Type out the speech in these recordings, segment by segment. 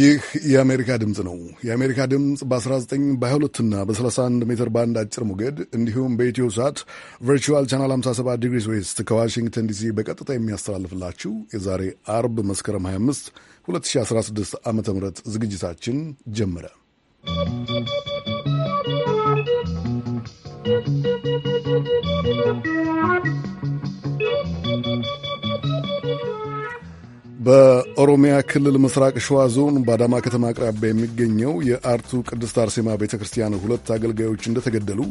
ይህ የአሜሪካ ድምፅ ነው። የአሜሪካ ድምፅ በ19 በ22ና በ31 ሜትር ባንድ አጭር ሞገድ እንዲሁም በኢትዮ ሳት ቨርቹዋል ቻናል 57 ዲግሪስ ዌስት ከዋሽንግተን ዲሲ በቀጥታ የሚያስተላልፍላችሁ የዛሬ አርብ መስከረም 25 2016 ዓ ም ዝግጅታችን ጀመረ። በኦሮሚያ ክልል ምስራቅ ሸዋ ዞን በአዳማ ከተማ አቅራቢያ የሚገኘው የአርቱ ቅድስት አርሴማ ቤተ ክርስቲያን ሁለት አገልጋዮች እንደተገደሉ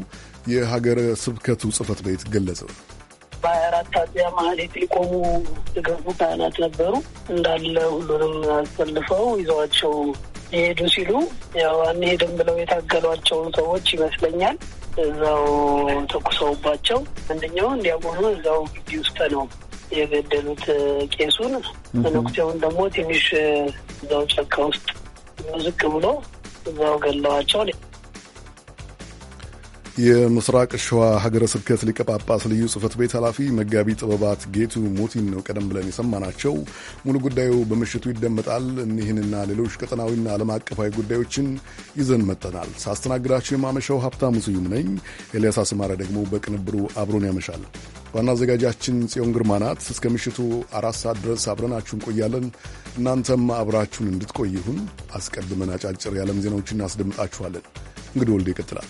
የሀገረ ስብከቱ ጽፈት ቤት ገለጸ። በአራት አራት አጥቢያ ማህሌት ሊቆሙ የገቡ ካህናት ነበሩ። እንዳለ ሁሉንም አሰልፈው ይዘዋቸው ሊሄዱ ሲሉ ያው አንሄድም ብለው የታገሏቸውን ሰዎች ይመስለኛል እዛው ተኩሰውባቸው አንደኛው እንዲያቆኑ እዛው ግቢ ውስጥ ነው የገደሉት ቄሱን፣ መነኩሴውን ደግሞ ትንሽ እዛው ጫካ ውስጥ ዝቅ ብሎ እዛው ገለዋቸው። የምስራቅ ሸዋ ሀገረ ስብከት ሊቀ ጳጳስ ልዩ ጽፈት ቤት ኃላፊ መጋቢ ጥበባት ጌቱ ሞቲን ነው ቀደም ብለን የሰማናቸው። ሙሉ ጉዳዩ በምሽቱ ይደመጣል። እኒህንና ሌሎች ቀጠናዊና ዓለም አቀፋዊ ጉዳዮችን ይዘን መጠናል። ሳስተናግዳችሁ የማመሻው ሀብታሙ ስዩም ነኝ። ኤልያስ አስማረ ደግሞ በቅንብሩ አብሮን ያመሻል። ዋና አዘጋጃችን ጽዮን ግርማ ናት። እስከ ምሽቱ አራት ሰዓት ድረስ አብረናችሁ እንቆያለን። እናንተም አብራችሁን እንድትቆይ ይሁን። አስቀድመን አጫጭር የዓለም ዜናዎች እናስደምጣችኋለን። እንግዲህ ወልደ ይቀጥላል።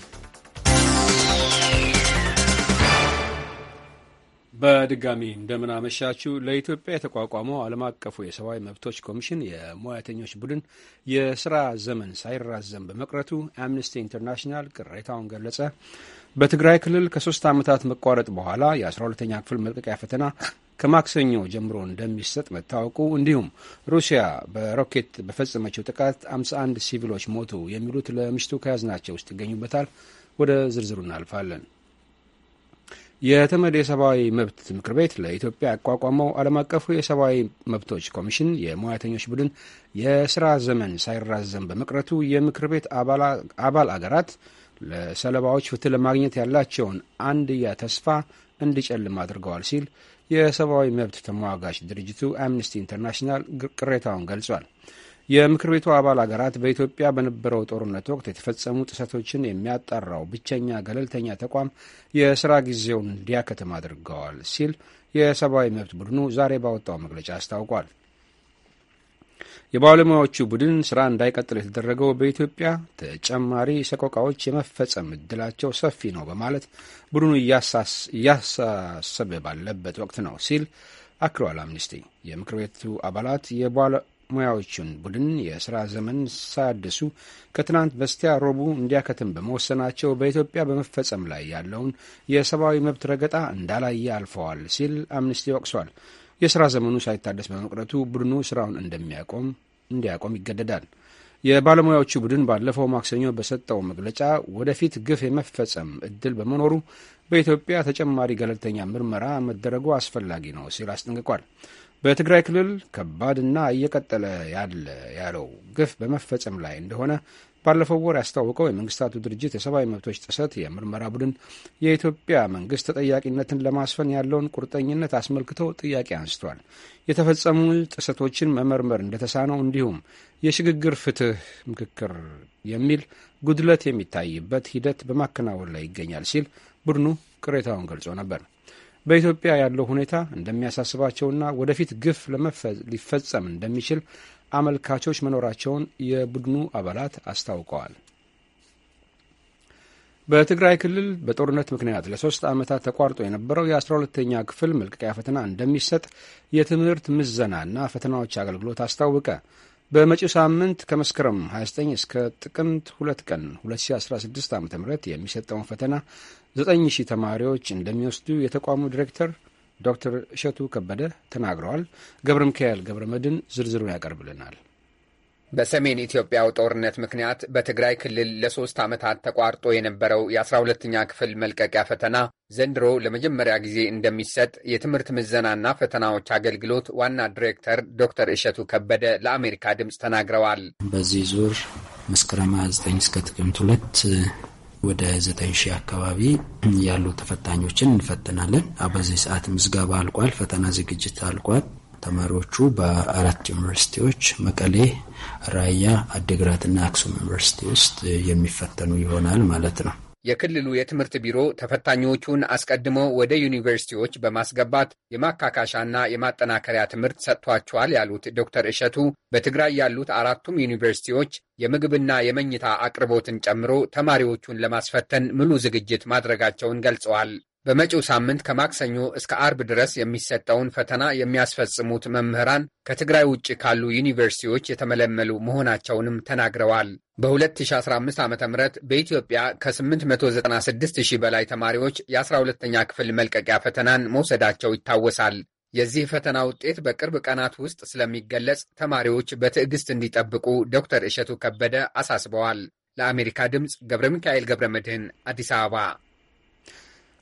በድጋሚ እንደምናመሻችሁ። ለኢትዮጵያ የተቋቋመው ዓለም አቀፉ የሰብአዊ መብቶች ኮሚሽን የሙያተኞች ቡድን የስራ ዘመን ሳይራዘም በመቅረቱ አምነስቲ ኢንተርናሽናል ቅሬታውን ገለጸ። በትግራይ ክልል ከሶስት ዓመታት መቋረጥ በኋላ የ12ተኛ ክፍል መልቀቂያ ፈተና ከማክሰኞ ጀምሮ እንደሚሰጥ መታወቁ እንዲሁም ሩሲያ በሮኬት በፈጸመችው ጥቃት 51 ሲቪሎች ሞቱ የሚሉት ለምሽቱ ከያዝናቸው ውስጥ ይገኙበታል። ወደ ዝርዝሩ እናልፋለን። የተመድ የሰብአዊ መብት ምክር ቤት ለኢትዮጵያ ያቋቋመው ዓለም አቀፉ የሰብአዊ መብቶች ኮሚሽን የሙያተኞች ቡድን የስራ ዘመን ሳይራዘም በመቅረቱ የምክር ቤት አባል አገራት ለሰለባዎች ፍትህ ለማግኘት ያላቸውን አንድያ ተስፋ እንዲጨልም አድርገዋል ሲል የሰብአዊ መብት ተሟጋች ድርጅቱ አምነስቲ ኢንተርናሽናል ቅሬታውን ገልጿል። የምክር ቤቱ አባል አገራት በኢትዮጵያ በነበረው ጦርነት ወቅት የተፈጸሙ ጥሰቶችን የሚያጣራው ብቸኛ ገለልተኛ ተቋም የስራ ጊዜውን እንዲያከትም አድርገዋል ሲል የሰብአዊ መብት ቡድኑ ዛሬ ባወጣው መግለጫ አስታውቋል። የባለሙያዎቹ ቡድን ስራ እንዳይቀጥል የተደረገው በኢትዮጵያ ተጨማሪ ሰቆቃዎች የመፈጸም እድላቸው ሰፊ ነው በማለት ቡድኑ እያሳሰበ ባለበት ወቅት ነው ሲል አክሏል። አምኒስቲ የምክር ቤቱ አባላት የባለሙያዎቹን ቡድን የስራ ዘመን ሳያድሱ ከትናንት በስቲያ ረቡዕ እንዲያከትም በመወሰናቸው በኢትዮጵያ በመፈጸም ላይ ያለውን የሰብአዊ መብት ረገጣ እንዳላየ አልፈዋል ሲል አምኒስቲ ወቅሷል። የስራ ዘመኑ ሳይታደስ በመቅረቱ ቡድኑ ስራውን እንደሚያቆም እንዲያቆም ይገደዳል። የባለሙያዎቹ ቡድን ባለፈው ማክሰኞ በሰጠው መግለጫ ወደፊት ግፍ የመፈጸም እድል በመኖሩ በኢትዮጵያ ተጨማሪ ገለልተኛ ምርመራ መደረጉ አስፈላጊ ነው ሲል አስጠንቅቋል። በትግራይ ክልል ከባድና እየቀጠለ ያለ ያለው ግፍ በመፈጸም ላይ እንደሆነ ባለፈው ወር ያስታወቀው የመንግስታቱ ድርጅት የሰብአዊ መብቶች ጥሰት የምርመራ ቡድን የኢትዮጵያ መንግስት ተጠያቂነትን ለማስፈን ያለውን ቁርጠኝነት አስመልክቶ ጥያቄ አንስቷል። የተፈጸሙ ጥሰቶችን መመርመር እንደተሳነው እንዲሁም የሽግግር ፍትህ ምክክር የሚል ጉድለት የሚታይበት ሂደት በማከናወን ላይ ይገኛል ሲል ቡድኑ ቅሬታውን ገልጾ ነበር። በኢትዮጵያ ያለው ሁኔታ እንደሚያሳስባቸውና ወደፊት ግፍ ሊፈጸም እንደሚችል አመልካቾች መኖራቸውን የቡድኑ አባላት አስታውቀዋል። በትግራይ ክልል በጦርነት ምክንያት ለሶስት ዓመታት ተቋርጦ የነበረው የ12ተኛ ክፍል መልቀቂያ ፈተና እንደሚሰጥ የትምህርት ምዘናና ፈተናዎች አገልግሎት አስታወቀ። በመጪው ሳምንት ከመስከረም 29 እስከ ጥቅምት 2 ቀን 2016 ዓ ም የሚሰጠውን ፈተና ዘጠኝ ሺህ ተማሪዎች እንደሚወስዱ የተቋሙ ዲሬክተር ዶክተር እሸቱ ከበደ ተናግረዋል። ገብረ ሚካኤል ገብረ መድን ዝርዝሩን ያቀርብልናል። በሰሜን ኢትዮጵያው ጦርነት ምክንያት በትግራይ ክልል ለሶስት ዓመታት ተቋርጦ የነበረው የ12ኛ ክፍል መልቀቂያ ፈተና ዘንድሮ ለመጀመሪያ ጊዜ እንደሚሰጥ የትምህርት ምዘናና ፈተናዎች አገልግሎት ዋና ዲሬክተር ዶክተር እሸቱ ከበደ ለአሜሪካ ድምፅ ተናግረዋል። በዚህ ዙር መስከረም 9 እስከ ጥቅምት ሁለት ወደ ዘጠኝ ሺህ አካባቢ ያሉ ተፈታኞችን እንፈትናለን። በዚህ ሰዓት ምዝገባ አልቋል። ፈተና ዝግጅት አልቋል። ተማሪዎቹ በአራት ዩኒቨርሲቲዎች መቀሌ፣ ራያ፣ አዲግራትና አክሱም ዩኒቨርሲቲ ውስጥ የሚፈተኑ ይሆናል ማለት ነው። የክልሉ የትምህርት ቢሮ ተፈታኞቹን አስቀድሞ ወደ ዩኒቨርሲቲዎች በማስገባት የማካካሻና የማጠናከሪያ ትምህርት ሰጥቷቸዋል ያሉት ዶክተር እሸቱ በትግራይ ያሉት አራቱም ዩኒቨርሲቲዎች የምግብና የመኝታ አቅርቦትን ጨምሮ ተማሪዎቹን ለማስፈተን ሙሉ ዝግጅት ማድረጋቸውን ገልጸዋል። በመጪው ሳምንት ከማክሰኞ እስከ አርብ ድረስ የሚሰጠውን ፈተና የሚያስፈጽሙት መምህራን ከትግራይ ውጭ ካሉ ዩኒቨርሲቲዎች የተመለመሉ መሆናቸውንም ተናግረዋል። በ2015 ዓ ም በኢትዮጵያ ከ896 ሺህ በላይ ተማሪዎች የ12ኛ ክፍል መልቀቂያ ፈተናን መውሰዳቸው ይታወሳል። የዚህ ፈተና ውጤት በቅርብ ቀናት ውስጥ ስለሚገለጽ ተማሪዎች በትዕግስት እንዲጠብቁ ዶክተር እሸቱ ከበደ አሳስበዋል። ለአሜሪካ ድምፅ ገብረ ሚካኤል ገብረ መድህን አዲስ አበባ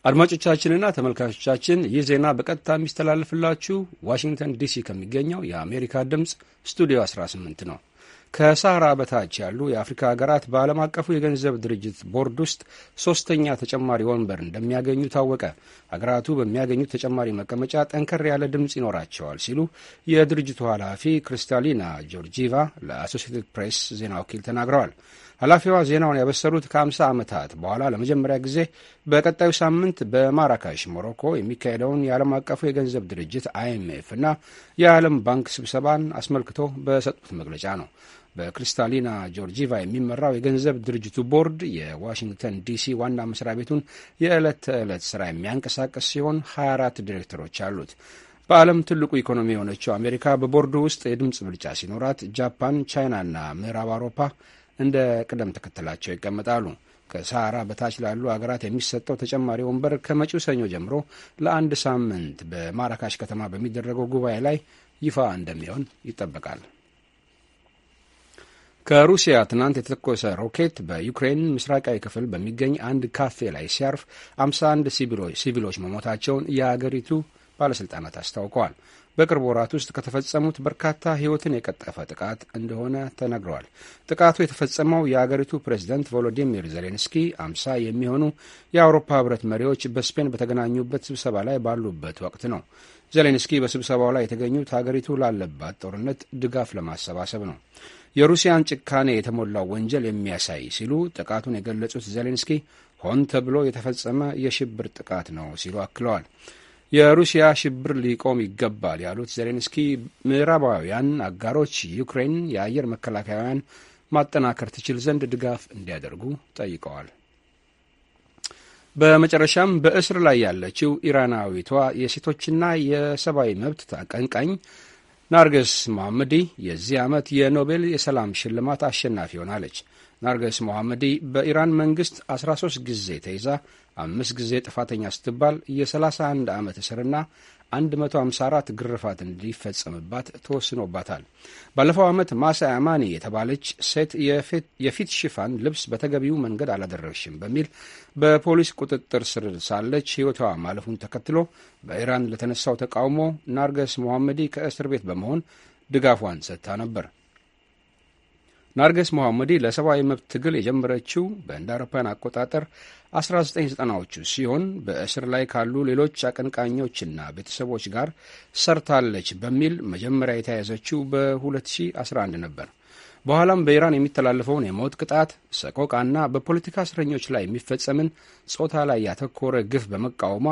አድማጮቻችንና ተመልካቾቻችን ይህ ዜና በቀጥታ የሚስተላለፍላችሁ ዋሽንግተን ዲሲ ከሚገኘው የአሜሪካ ድምፅ ስቱዲዮ 18 ነው። ከሳህራ በታች ያሉ የአፍሪካ ሀገራት በዓለም አቀፉ የገንዘብ ድርጅት ቦርድ ውስጥ ሶስተኛ ተጨማሪ ወንበር እንደሚያገኙ ታወቀ። ሀገራቱ በሚያገኙት ተጨማሪ መቀመጫ ጠንከር ያለ ድምፅ ይኖራቸዋል ሲሉ የድርጅቱ ኃላፊ ክሪስታሊና ጆርጂቫ ለአሶሲትድ ፕሬስ ዜና ወኪል ተናግረዋል። ኃላፊዋ ዜናውን ያበሰሩት ከ50 ዓመታት በኋላ ለመጀመሪያ ጊዜ በቀጣዩ ሳምንት በማራካሽ ሞሮኮ የሚካሄደውን የዓለም አቀፉ የገንዘብ ድርጅት አይኤምኤፍ እና የዓለም ባንክ ስብሰባን አስመልክቶ በሰጡት መግለጫ ነው። በክሪስታሊና ጆርጂቫ የሚመራው የገንዘብ ድርጅቱ ቦርድ የዋሽንግተን ዲሲ ዋና መስሪያ ቤቱን የዕለት ተዕለት ስራ የሚያንቀሳቀስ ሲሆን 24 ዲሬክተሮች አሉት። በዓለም ትልቁ ኢኮኖሚ የሆነችው አሜሪካ በቦርዱ ውስጥ የድምፅ ብልጫ ሲኖራት፣ ጃፓን፣ ቻይናና ምዕራብ አውሮፓ እንደ ቅደም ተከተላቸው ይቀመጣሉ። ከሰሃራ በታች ላሉ አገራት የሚሰጠው ተጨማሪ ወንበር ከመጪው ሰኞ ጀምሮ ለአንድ ሳምንት በማራካሽ ከተማ በሚደረገው ጉባኤ ላይ ይፋ እንደሚሆን ይጠበቃል። ከሩሲያ ትናንት የተተኮሰ ሮኬት በዩክሬን ምስራቃዊ ክፍል በሚገኝ አንድ ካፌ ላይ ሲያርፍ 51 ሲቪሎች መሞታቸውን የአገሪቱ ባለሥልጣናት አስታውቀዋል። በቅርብ ወራት ውስጥ ከተፈጸሙት በርካታ ሕይወትን የቀጠፈ ጥቃት እንደሆነ ተነግረዋል። ጥቃቱ የተፈጸመው የአገሪቱ ፕሬዚደንት ቮሎዲሚር ዜሌንስኪ አምሳ የሚሆኑ የአውሮፓ ህብረት መሪዎች በስፔን በተገናኙበት ስብሰባ ላይ ባሉበት ወቅት ነው። ዜሌንስኪ በስብሰባው ላይ የተገኙት ሀገሪቱ ላለባት ጦርነት ድጋፍ ለማሰባሰብ ነው። የሩሲያን ጭካኔ የተሞላው ወንጀል የሚያሳይ ሲሉ ጥቃቱን የገለጹት ዜሌንስኪ ሆን ተብሎ የተፈጸመ የሽብር ጥቃት ነው ሲሉ አክለዋል። የሩሲያ ሽብር ሊቆም ይገባል ያሉት ዜሌንስኪ ምዕራባውያን አጋሮች ዩክሬን የአየር መከላከያውያን ማጠናከር ትችል ዘንድ ድጋፍ እንዲያደርጉ ጠይቀዋል። በመጨረሻም በእስር ላይ ያለችው ኢራናዊቷ የሴቶችና የሰብአዊ መብት አቀንቃኝ ናርገስ ማምዲ የዚህ ዓመት የኖቤል የሰላም ሽልማት አሸናፊ ሆናለች። ናርገስ ሞሐመዲ በኢራን መንግሥት 13 ጊዜ ተይዛ አምስት ጊዜ ጥፋተኛ ስትባል የ31 ዓመት እስርና 154 ግርፋት እንዲፈጸምባት ተወስኖባታል። ባለፈው ዓመት ማሳ አማኒ የተባለች ሴት የፊት ሽፋን ልብስ በተገቢው መንገድ አላደረግሽም በሚል በፖሊስ ቁጥጥር ስር ሳለች ሕይወቷ ማለፉን ተከትሎ በኢራን ለተነሳው ተቃውሞ ናርገስ ሞሐመዲ ከእስር ቤት በመሆን ድጋፏን ሰጥታ ነበር። ናርገስ መሐመዲ ለሰብአዊ መብት ትግል የጀመረችው በእንደ አውሮፓውያን አቆጣጠር 1990ዎቹ ሲሆን በእስር ላይ ካሉ ሌሎች አቀንቃኞችና ቤተሰቦች ጋር ሰርታለች በሚል መጀመሪያ የተያያዘችው በ2011 ነበር። በኋላም በኢራን የሚተላለፈውን የሞት ቅጣት ሰቆቃና በፖለቲካ እስረኞች ላይ የሚፈጸምን ጾታ ላይ ያተኮረ ግፍ በመቃወሟ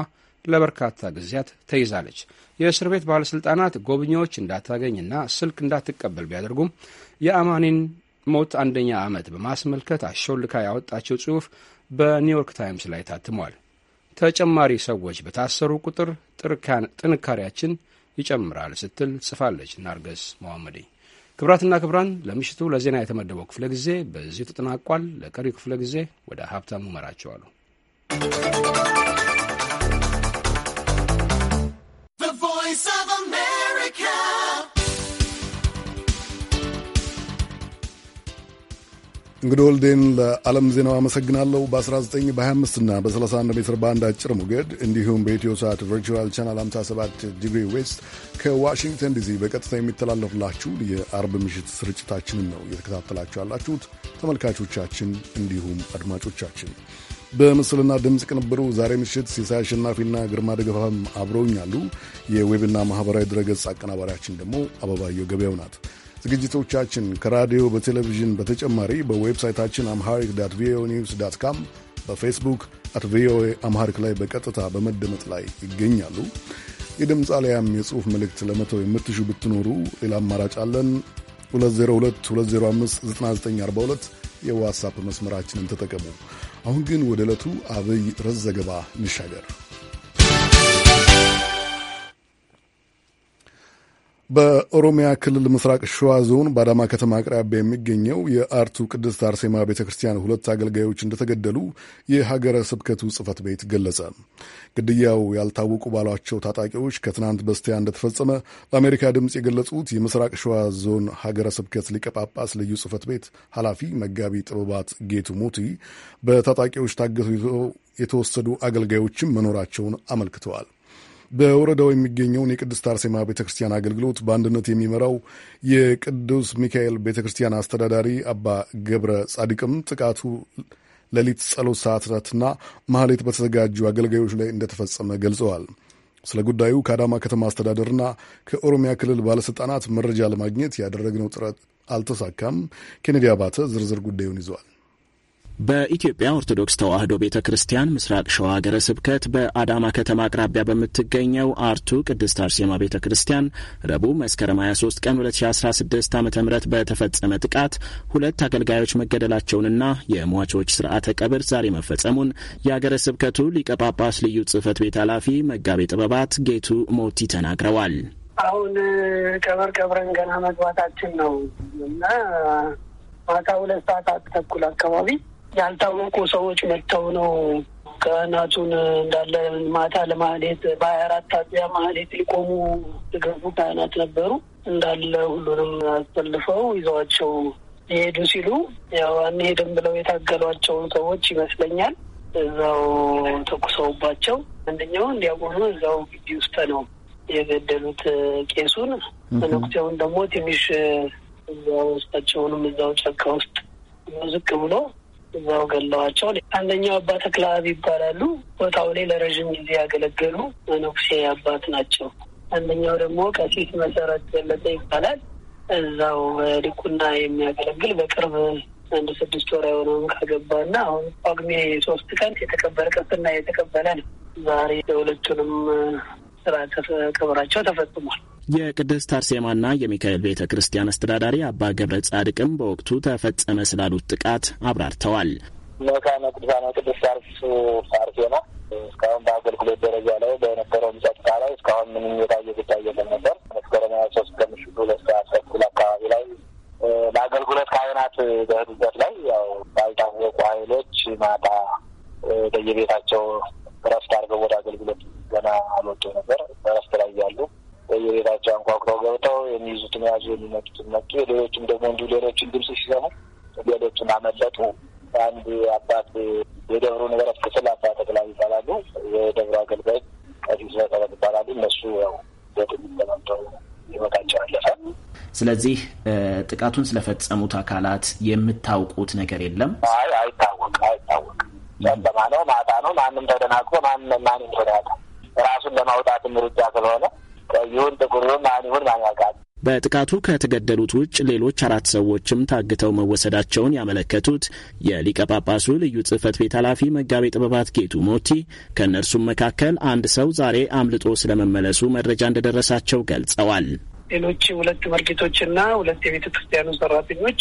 ለበርካታ ጊዜያት ተይዛለች። የእስር ቤት ባለሥልጣናት ጎብኚዎች እንዳታገኝና ስልክ እንዳትቀበል ቢያደርጉም የአማኒን ሞት አንደኛ ዓመት በማስመልከት አሾልካ ያወጣቸው ጽሑፍ በኒውዮርክ ታይምስ ላይ ታትሟል። ተጨማሪ ሰዎች በታሰሩ ቁጥር ጥንካሬያችን ይጨምራል ስትል ጽፋለች ናርገስ መሐመዲ። ክብራትና ክብራን ለምሽቱ ለዜና የተመደበው ክፍለ ጊዜ በዚሁ ተጠናቋል። ለቀሪው ክፍለ ጊዜ ወደ ሀብታሙ መራቸዋሉ። እንግዲህ ወልዴን ለዓለም ዜናው አመሰግናለሁ። በ19 በ25 እና በ31 ሜትር ባንድ አጭር ሞገድ እንዲሁም በኢትዮ ሰዓት ቨርቹዋል ቻናል 57 ዲግሪ ዌስት ከዋሽንግተን ዲሲ በቀጥታ የሚተላለፍላችሁ የአርብ ምሽት ስርጭታችንን ነው እየተከታተላችሁ ያላችሁት ተመልካቾቻችን፣ እንዲሁም አድማጮቻችን። በምስልና ድምፅ ቅንብሩ ዛሬ ምሽት ሲሳይ አሸናፊና ግርማ ደገፋም አብረውኛሉ። የዌብና ማኅበራዊ ድረገጽ አቀናባሪያችን ደግሞ አበባየው ገበያው ናት። ዝግጅቶቻችን ከራዲዮ በቴሌቪዥን በተጨማሪ በዌብሳይታችን አምሃሪክ ዳት ቪኦኤ ኒውስ ዳት ካም በፌስቡክ አት ቪኦኤ አምሃሪክ ላይ በቀጥታ በመደመጥ ላይ ይገኛሉ። የድምፅ አሊያም የጽሑፍ መልእክት ለመተው የምትሹ ብትኖሩ ሌላ አማራጭ አለን። 2022059942 የዋትሳፕ መስመራችንን ተጠቀሙ። አሁን ግን ወደ ዕለቱ አብይ ርዕስ ዘገባ እንሻገር። በኦሮሚያ ክልል ምስራቅ ሸዋ ዞን በአዳማ ከተማ አቅራቢያ የሚገኘው የአርቱ ቅድስት አርሴማ ቤተ ክርስቲያን ሁለት አገልጋዮች እንደተገደሉ የሀገረ ስብከቱ ጽህፈት ቤት ገለጸ። ግድያው ያልታወቁ ባሏቸው ታጣቂዎች ከትናንት በስቲያ እንደተፈጸመ ለአሜሪካ ድምፅ የገለጹት የምስራቅ ሸዋ ዞን ሀገረ ስብከት ሊቀ ጳጳስ ልዩ ጽፈት ቤት ኃላፊ መጋቢ ጥበባት ጌቱ ሞቲ በታጣቂዎች ታገቱ የተወሰዱ አገልጋዮችም መኖራቸውን አመልክተዋል። በወረዳው የሚገኘውን የቅድስት አርሴማ ቤተ ክርስቲያን አገልግሎት በአንድነት የሚመራው የቅዱስ ሚካኤል ቤተ ክርስቲያን አስተዳዳሪ አባ ገብረ ጻድቅም ጥቃቱ ሌሊት ጸሎት ሰዓታትና መሐሌት በተዘጋጁ አገልጋዮች ላይ እንደተፈጸመ ገልጸዋል። ስለ ጉዳዩ ከአዳማ ከተማ አስተዳደርና ከኦሮሚያ ክልል ባለሥልጣናት መረጃ ለማግኘት ያደረግነው ጥረት አልተሳካም። ኬኔዲ አባተ ዝርዝር ጉዳዩን ይዘዋል። በኢትዮጵያ ኦርቶዶክስ ተዋሕዶ ቤተ ክርስቲያን ምስራቅ ሸዋ ሀገረ ስብከት በአዳማ ከተማ አቅራቢያ በምትገኘው አርቱ ቅድስት አርሴማ ቤተ ክርስቲያን ረቡዕ መስከረም 23 ቀን 2016 ዓ ም በተፈጸመ ጥቃት ሁለት አገልጋዮች መገደላቸውንና የሟቾች ስርዓተ ቀብር ዛሬ መፈጸሙን የአገረ ስብከቱ ሊቀ ጳጳስ ልዩ ጽህፈት ቤት ኃላፊ መጋቤ ጥበባት ጌቱ ሞቲ ተናግረዋል። አሁን ቀብር ቀብረን ገና መግባታችን ነው እና ማታ ሁለት ሰዓት ተኩል አካባቢ ያልታወቁ ሰዎች መጥተው ነው ካህናቱን እንዳለ ማታ ለማህሌት በሀያ አራት አጥቢያ ማህሌት ሊቆሙ የገቡ ካህናት ነበሩ። እንዳለ ሁሉንም አሰልፈው ይዘዋቸው ሊሄዱ ሲሉ ያው አንሄድም ብለው የታገሏቸውን ሰዎች ይመስለኛል እዛው ተኩሰውባቸው አንደኛው እንዲያቆኑ እዛው ግቢ ውስጥ ነው የገደሉት ቄሱን። መነኩሴውን ደግሞ ትንሽ እዛው ውስጣቸውንም እዛው ጫካ ውስጥ ዝቅ ብሎ እዛው ገለዋቸው። አንደኛው አባ ተክለ ይባላሉ። ቦታው ላይ ለረዥም ጊዜ ያገለገሉ መነኩሴ አባት ናቸው። አንደኛው ደግሞ ቀሲስ መሰረት ገለጸ ይባላል። እዛው በዲቁና የሚያገለግል በቅርብ አንድ ስድስት ወር የሆነውን ካገባና አሁን ጳጉሜ ሶስት ቀን የተቀበረ ቅስና የተቀበለ ነው። ዛሬ የሁለቱንም ስራ ክብራቸው ተፈጽሟል። የቅድስት አርሴማና የሚካኤል ቤተ ክርስቲያን አስተዳዳሪ አባ ገብረ ጻድቅም በወቅቱ ተፈጸመ ስላሉት ጥቃት አብራርተዋል። መካነ ቅዱሳን ቅድስት አርሴማ እስካሁን በአገልግሎት ደረጃ ላይ በነበረው ጸጥታ ላይ እስካሁን ምንም የታየ ጉዳይ የለም ነበር። ስለዚህ ጥቃቱን ስለፈጸሙት አካላት የምታውቁት ነገር የለም? አይ አይታወቅ አይታወቅ። ጨለማ ነው፣ ማታ ነው። ማንም ተደናግሮ ማንም ማን ተዳታ ራሱን ለማውጣት ምርጫ ስለሆነ ቀይሁን ጥቁሩን ማን ይሁን ማን ያውቃል። በጥቃቱ ከተገደሉት ውጭ ሌሎች አራት ሰዎችም ታግተው መወሰዳቸውን ያመለከቱት የሊቀ ጳጳሱ ልዩ ጽህፈት ቤት ኃላፊ መጋቤ ጥበባት ጌቱ ሞቲ ከእነርሱም መካከል አንድ ሰው ዛሬ አምልጦ ስለመመለሱ መረጃ እንደደረሳቸው ገልጸዋል። ሌሎች ሁለት መርጌቶች እና ሁለት የቤተ ክርስቲያኑ ሰራተኞች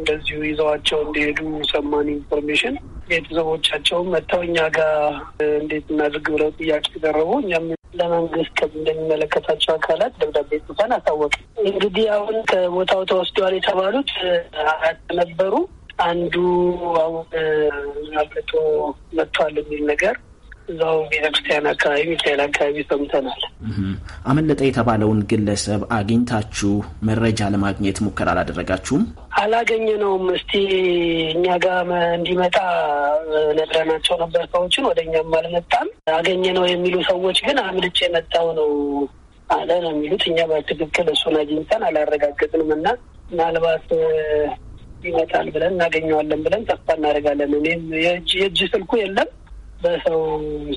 እንደዚሁ ይዘዋቸው እንዲሄዱ ሰማን ኢንፎርሜሽን። ቤተሰቦቻቸውም መጥተው እኛ ጋር እንዴት እናድርግ ብለው ጥያቄ ቀረቡ። እኛም ለመንግስት እንደሚመለከታቸው አካላት ደብዳቤ ጽፈን አሳወቅ። እንግዲህ አሁን ከቦታው ተወስደዋል የተባሉት አራት ነበሩ። አንዱ አሁን አልቅቶ መጥቷል የሚል ነገር እዛው ቤተክርስቲያን አካባቢ ሚካኤል አካባቢ ሰምተናል። አመለጠ የተባለውን ግለሰብ አግኝታችሁ መረጃ ለማግኘት ሙከራ አላደረጋችሁም? አላገኘነውም። እስቲ እኛ ጋር እንዲመጣ ነግረናቸው ነበር ሰዎችን፣ ወደ እኛም አልመጣም። አገኘነው የሚሉ ሰዎች ግን አምልጭ የመጣው ነው አለ ነው የሚሉት። እኛ በትክክል እሱን አግኝተን አላረጋገጥንም እና ምናልባት ይመጣል ብለን እናገኘዋለን ብለን ተስፋ እናደርጋለን። እኔም የእጅ ስልኩ የለም በሰው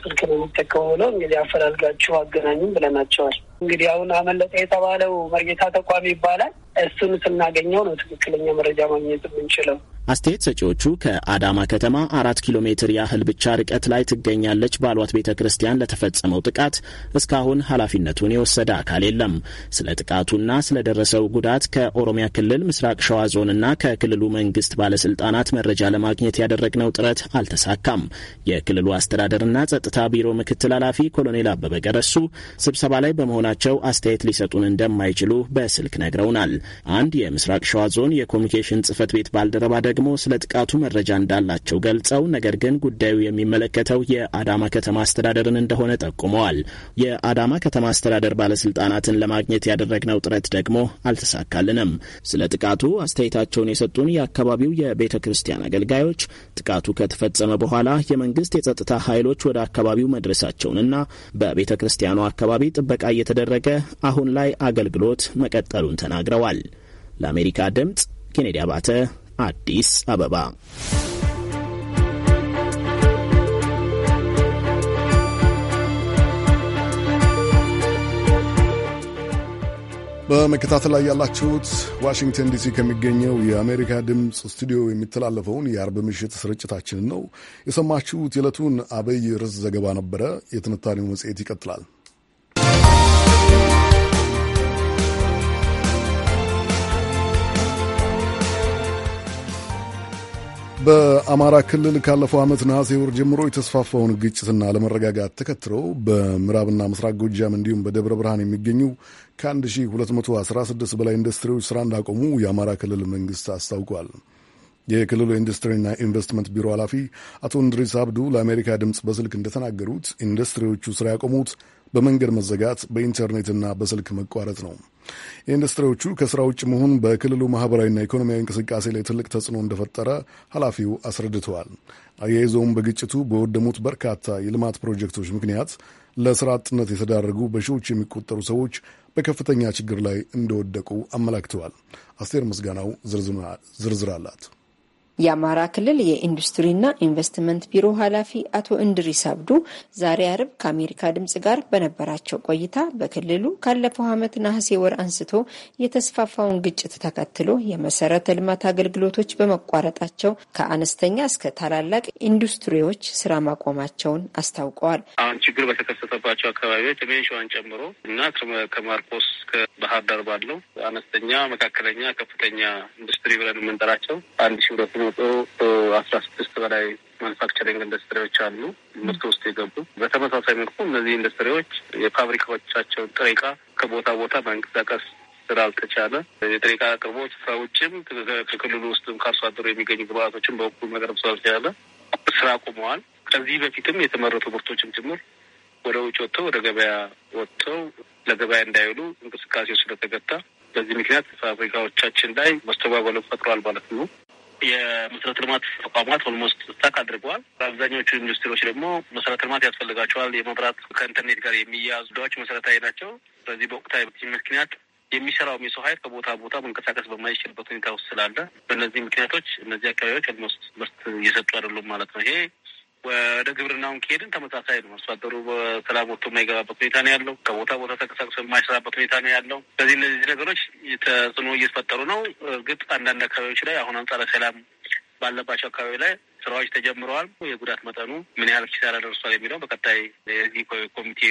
ስልክ ነው የሚጠቀሙ ብለው እንግዲህ አፈላልጋችሁ አገናኙም ብለናቸዋል። እንግዲህ አሁን አመለጠ የተባለው መርጌታ ተቋም ይባላል። እሱን ስናገኘው ነው ትክክለኛ መረጃ ማግኘት የምንችለው። አስተያየት ሰጪዎቹ ከአዳማ ከተማ አራት ኪሎ ሜትር ያህል ብቻ ርቀት ላይ ትገኛለች ባሏት ቤተ ክርስቲያን ለተፈጸመው ጥቃት እስካሁን ኃላፊነቱን የወሰደ አካል የለም። ስለ ጥቃቱና ስለደረሰው ጉዳት ከኦሮሚያ ክልል ምስራቅ ሸዋ ዞንና ከክልሉ መንግስት ባለስልጣናት መረጃ ለማግኘት ያደረግነው ጥረት አልተሳካም። የክልሉ አስተዳደርና ጸጥታ ቢሮ ምክትል ኃላፊ ኮሎኔል አበበ ገረሱ ስብሰባ ላይ በመሆናቸው አስተያየት ሊሰጡን እንደማይችሉ በስልክ ነግረውናል። አንድ የምስራቅ ሸዋ ዞን የኮሚኒኬሽን ጽህፈት ቤት ባልደረባ ደግሞ ስለ ጥቃቱ መረጃ እንዳላቸው ገልጸው ነገር ግን ጉዳዩ የሚመለከተው የአዳማ ከተማ አስተዳደርን እንደሆነ ጠቁመዋል። የአዳማ ከተማ አስተዳደር ባለስልጣናትን ለማግኘት ያደረግነው ጥረት ደግሞ አልተሳካልንም። ስለ ጥቃቱ አስተያየታቸውን የሰጡን የአካባቢው የቤተ ክርስቲያን አገልጋዮች ጥቃቱ ከተፈጸመ በኋላ የመንግስት የጸጥታ ኃይሎች ወደ አካባቢው መድረሳቸውንና በቤተ ክርስቲያኑ አካባቢ ጥበቃ እየተደረገ አሁን ላይ አገልግሎት መቀጠሉን ተናግረዋል። ለአሜሪካ ድምጽ ኬኔዲ አባተ አዲስ አበባ። በመከታተል ላይ ያላችሁት ዋሽንግተን ዲሲ ከሚገኘው የአሜሪካ ድምፅ ስቱዲዮ የሚተላለፈውን የአርብ ምሽት ስርጭታችንን ነው። የሰማችሁት የዕለቱን አብይ ርዕስ ዘገባ ነበረ። የትንታኔው መጽሔት ይቀጥላል። በአማራ ክልል ካለፈው ዓመት ነሐሴ ወር ጀምሮ የተስፋፋውን ግጭትና አለመረጋጋት ተከትሎ በምዕራብና ምስራቅ ጎጃም እንዲሁም በደብረ ብርሃን የሚገኙ ከ1216 በላይ ኢንዱስትሪዎች ስራ እንዳቆሙ የአማራ ክልል መንግሥት አስታውቋል። የክልሉ ኢንዱስትሪና ኢንቨስትመንት ቢሮ ኃላፊ አቶ እንድሪስ አብዱ ለአሜሪካ ድምፅ በስልክ እንደተናገሩት ኢንዱስትሪዎቹ ስራ ያቆሙት በመንገድ መዘጋት፣ በኢንተርኔትና በስልክ መቋረጥ ነው። የኢንዱስትሪዎቹ ከስራ ውጭ መሆን በክልሉ ማህበራዊና ኢኮኖሚያዊ እንቅስቃሴ ላይ ትልቅ ተጽዕኖ እንደፈጠረ ኃላፊው አስረድተዋል። አያይዘውም በግጭቱ በወደሙት በርካታ የልማት ፕሮጀክቶች ምክንያት ለስራ አጥነት የተዳረጉ በሺዎች የሚቆጠሩ ሰዎች በከፍተኛ ችግር ላይ እንደወደቁ አመላክተዋል። አስቴር ምስጋናው ዝርዝር አላት። የአማራ ክልል የኢንዱስትሪና ኢንቨስትመንት ቢሮ ኃላፊ አቶ እንድሪስ አብዱ ዛሬ አርብ ከአሜሪካ ድምጽ ጋር በነበራቸው ቆይታ በክልሉ ካለፈው ዓመት ነሐሴ ወር አንስቶ የተስፋፋውን ግጭት ተከትሎ የመሰረተ ልማት አገልግሎቶች በመቋረጣቸው ከአነስተኛ እስከ ታላላቅ ኢንዱስትሪዎች ስራ ማቆማቸውን አስታውቀዋል። አሁን ችግር በተከሰተባቸው አካባቢዎች ሰሜን ሸዋን ጨምሮ እና ከማርቆስ ከባህር ዳር ባለው አነስተኛ፣ መካከለኛ፣ ከፍተኛ ኢንዱስትሪ ብለን የምንጠራቸው አንድ ሺ ሁለት የሚመጡ አስራ ስድስት በላይ ማኑፋክቸሪንግ ኢንዱስትሪዎች አሉ ምርት ውስጥ የገቡ። በተመሳሳይ መልኩ እነዚህ ኢንዱስትሪዎች የፋብሪካዎቻቸውን ጥሬ ዕቃ ከቦታ ቦታ ማንቀሳቀስ ስራ የጥሬ ዕቃ አቅርቦች ከውጭም ከክልሉ ውስጥም ከአርሶ አደሩ የሚገኙ ግብአቶችን በኩል መቅረብ ስላልተቻለ ስራ ቆመዋል። ከዚህ በፊትም የተመረቱ ምርቶችም ጭምር ወደ ውጭ ወጥተው ወደ ገበያ ወጥተው ለገበያ እንዳይውሉ እንቅስቃሴ ስለተገታ በዚህ ምክንያት ፋብሪካዎቻችን ላይ መስተጓጎል ፈጥሯል ማለት ነው። የመሰረተ ልማት ተቋማት ኦልሞስት ታክ አድርገዋል። በአብዛኛዎቹ ኢንዱስትሪዎች ደግሞ መሰረተ ልማት ያስፈልጋቸዋል። የመብራት ከኢንተርኔት ጋር የሚያያዙ ዳዎች መሰረታዊ ናቸው። በዚህ በወቅታዊ ምክንያት የሚሰራው የሰው ኃይል ከቦታ ቦታ መንቀሳቀስ በማይችልበት ሁኔታ ውስጥ ስላለ በእነዚህ ምክንያቶች እነዚህ አካባቢዎች ኦልሞስት ምርት እየሰጡ አይደሉም ማለት ነው። ይሄ ወደ ግብርናውን ከሄድን ተመሳሳይ ነው። አርሶ አደሩ በሰላም ወጥቶ የማይገባበት ሁኔታ ነው ያለው። ከቦታ ቦታ ተንቀሳቅሶ የማይሰራበት ሁኔታ ነው ያለው። በዚህ እነዚህ ነገሮች ተጽዕኖ እየተፈጠሩ ነው። እርግጥ አንዳንድ አካባቢዎች ላይ አሁን አንጻረ ሰላም ባለባቸው አካባቢ ላይ ስራዎች ተጀምረዋል። የጉዳት መጠኑ ምን ያህል ኪሳራ ደርሷል የሚለው በቀጣይ የዚህ ኮሚቴ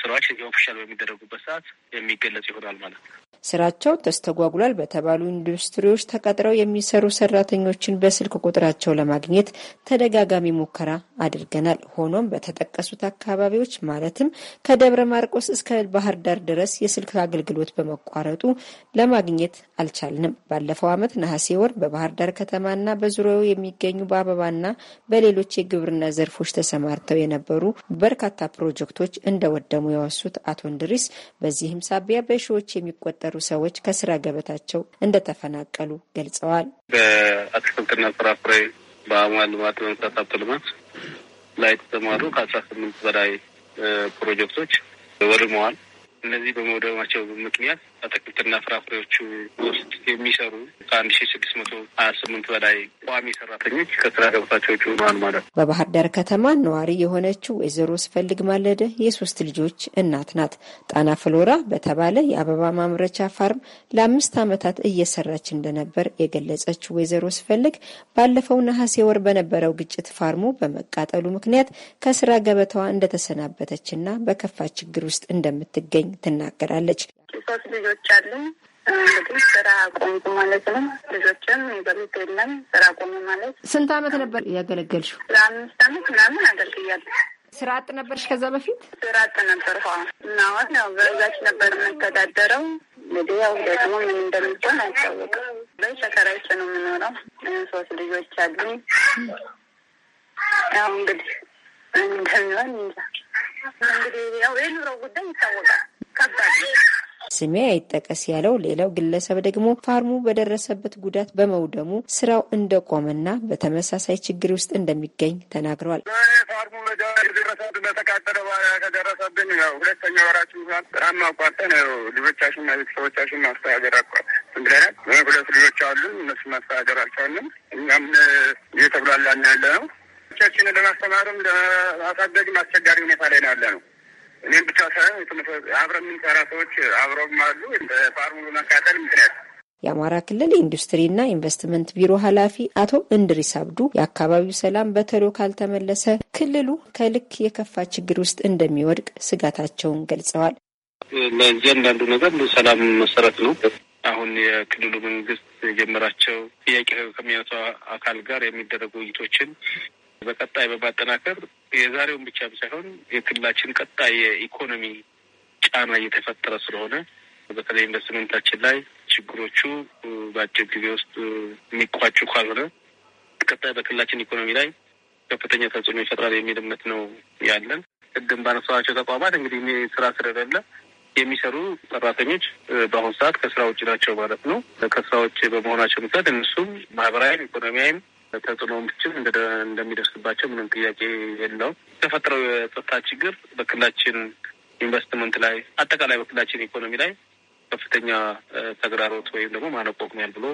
ስራዎች ኦፊሻል በሚደረጉበት ሰዓት የሚገለጽ ይሆናል ማለት ነው። ስራቸው ተስተጓጉሏል በተባሉ ኢንዱስትሪዎች ተቀጥረው የሚሰሩ ሰራተኞችን በስልክ ቁጥራቸው ለማግኘት ተደጋጋሚ ሙከራ አድርገናል። ሆኖም በተጠቀሱት አካባቢዎች ማለትም ከደብረ ማርቆስ እስከ ባህር ዳር ድረስ የስልክ አገልግሎት በመቋረጡ ለማግኘት አልቻልንም። ባለፈው ዓመት ነሐሴ ወር በባህር ዳር ከተማና በዙሪያው የሚገኙ በአበባና በሌሎች የግብርና ዘርፎች ተሰማርተው የነበሩ በርካታ ፕሮጀክቶች እንደወደ እንደወደሙ የወሱት አቶ እንድሪስ በዚህም ሳቢያ በሺዎች የሚቆጠሩ ሰዎች ከስራ ገበታቸው እንደተፈናቀሉ ገልጸዋል። በአትክልትና ፍራፍሬ በአማ ልማት በመሳት ሀብት ልማት ላይ የተሰማሩ ከአስራ ስምንት በላይ ፕሮጀክቶች ወድመዋል። እነዚህ በመውደማቸው ምክንያት አትክልትና ፍራፍሬዎቹ ውስጥ የሚሰሩ ከአንድ ሺ ስድስት መቶ ሀያ ስምንት በላይ ቋሚ ሰራተኞች ከስራ ገበታቸው ውጭ ማለት ነው። በባህር ዳር ከተማ ነዋሪ የሆነችው ወይዘሮ ስፈልግ ማለደ የሶስት ልጆች እናት ናት። ጣና ፍሎራ በተባለ የአበባ ማምረቻ ፋርም ለአምስት ዓመታት እየሰራች እንደነበር የገለጸችው ወይዘሮ ስፈልግ ባለፈው ነሐሴ ወር በነበረው ግጭት ፋርሙ በመቃጠሉ ምክንያት ከስራ ገበታዋ እንደተሰናበተችና በከፋ ችግር ውስጥ እንደምትገኝ ትናገራለች። ሶስት ልጆች ልጆች አሉ። እንግዲህ ስራ ቆምኩ ማለት ነው። ልጆችም የሚበሉት የለም። ስራ ቆሙ ማለት ስንት አመት ነበር ያገለገልሽው? ለአምስት አመት ምናምን አገልግያለሁ። ስራ አጥ ነበርሽ? ከዛ በፊት ስራ አጥ ነበር እና አሁን ያው በዛች ነበር የምንተዳደረው። እንግዲህ ያው ደግሞ ምን እንደሚሆን አይታወቅም። በይ ተከራይቼ ነው የምኖረው። ሶስት ልጆች አሉ። ያው እንግዲህ እንደሚሆን እንግዲህ ያው የኑሮ ጉዳይ ይታወቃል። ከባድ ስሜ አይጠቀስ ያለው ሌላው ግለሰብ ደግሞ ፋርሙ በደረሰበት ጉዳት በመውደሙ ስራው እንደቆመና በተመሳሳይ ችግር ውስጥ እንደሚገኝ ተናግረዋል። ፋርሙ ለተቃጠለ በኋላ ከደረሰብን ሁለተኛ ወራችን ስራም አቋርጠን ቤተሰቦቻችን ማስተዳደር አቋርጠን ሁለት ልጆች አሉ፣ እነሱ ማስተዳደር አልቻልንም። እኛም እየተጉላላን ያለ ነው። ልጆቻችንን ለማስተማርም ለማሳደግም አስቸጋሪ ሁኔታ ላይ ነው ያለ ነው። እኔም ብቻ ሳይሆን አብረ የምንሰራ ሰዎች አብረውም አሉ ፋርሙሉ መካተል ምክንያት የአማራ ክልል ኢንዱስትሪና ኢንቨስትመንት ቢሮ ኃላፊ አቶ እንድሪስ አብዱ የአካባቢው ሰላም በተሎ ካልተመለሰ ክልሉ ከልክ የከፋ ችግር ውስጥ እንደሚወድቅ ስጋታቸውን ገልጸዋል። ለእያንዳንዱ ነገር ሰላም መሰረት ነው። አሁን የክልሉ መንግስት የጀመራቸው ጥያቄ ከሚያነሱ አካል ጋር የሚደረጉ ውይይቶችን በቀጣይ በማጠናከር የዛሬውን ብቻ ሳይሆን የክልላችን ቀጣይ የኢኮኖሚ ጫና እየተፈጠረ ስለሆነ በተለይ ኢንቨስትመንታችን ላይ ችግሮቹ በአጭር ጊዜ ውስጥ የሚቋጩ ካልሆነ ቀጣይ በክልላችን ኢኮኖሚ ላይ ከፍተኛ ተጽዕኖ ይፈጥራል የሚል እምነት ነው ያለን። ቅድም ባነሳቸው ተቋማት እንግዲህ እኔ ስራ ስለሌለ የሚሰሩ ሰራተኞች በአሁኑ ሰዓት ከስራ ውጭ ናቸው ማለት ነው። ከስራ ውጭ በመሆናቸው ምክንያት እነሱም ማህበራዊም ኢኮኖሚያዊም ተጽዕኖዎችም እንደሚደርስባቸው ምንም ጥያቄ የለውም። የተፈጠረው የጸጥታ ችግር በክልላችን ኢንቨስትመንት ላይ አጠቃላይ በክልላችን ኢኮኖሚ ላይ ከፍተኛ ተግዳሮት ወይም ደግሞ ማነቆ ብሎ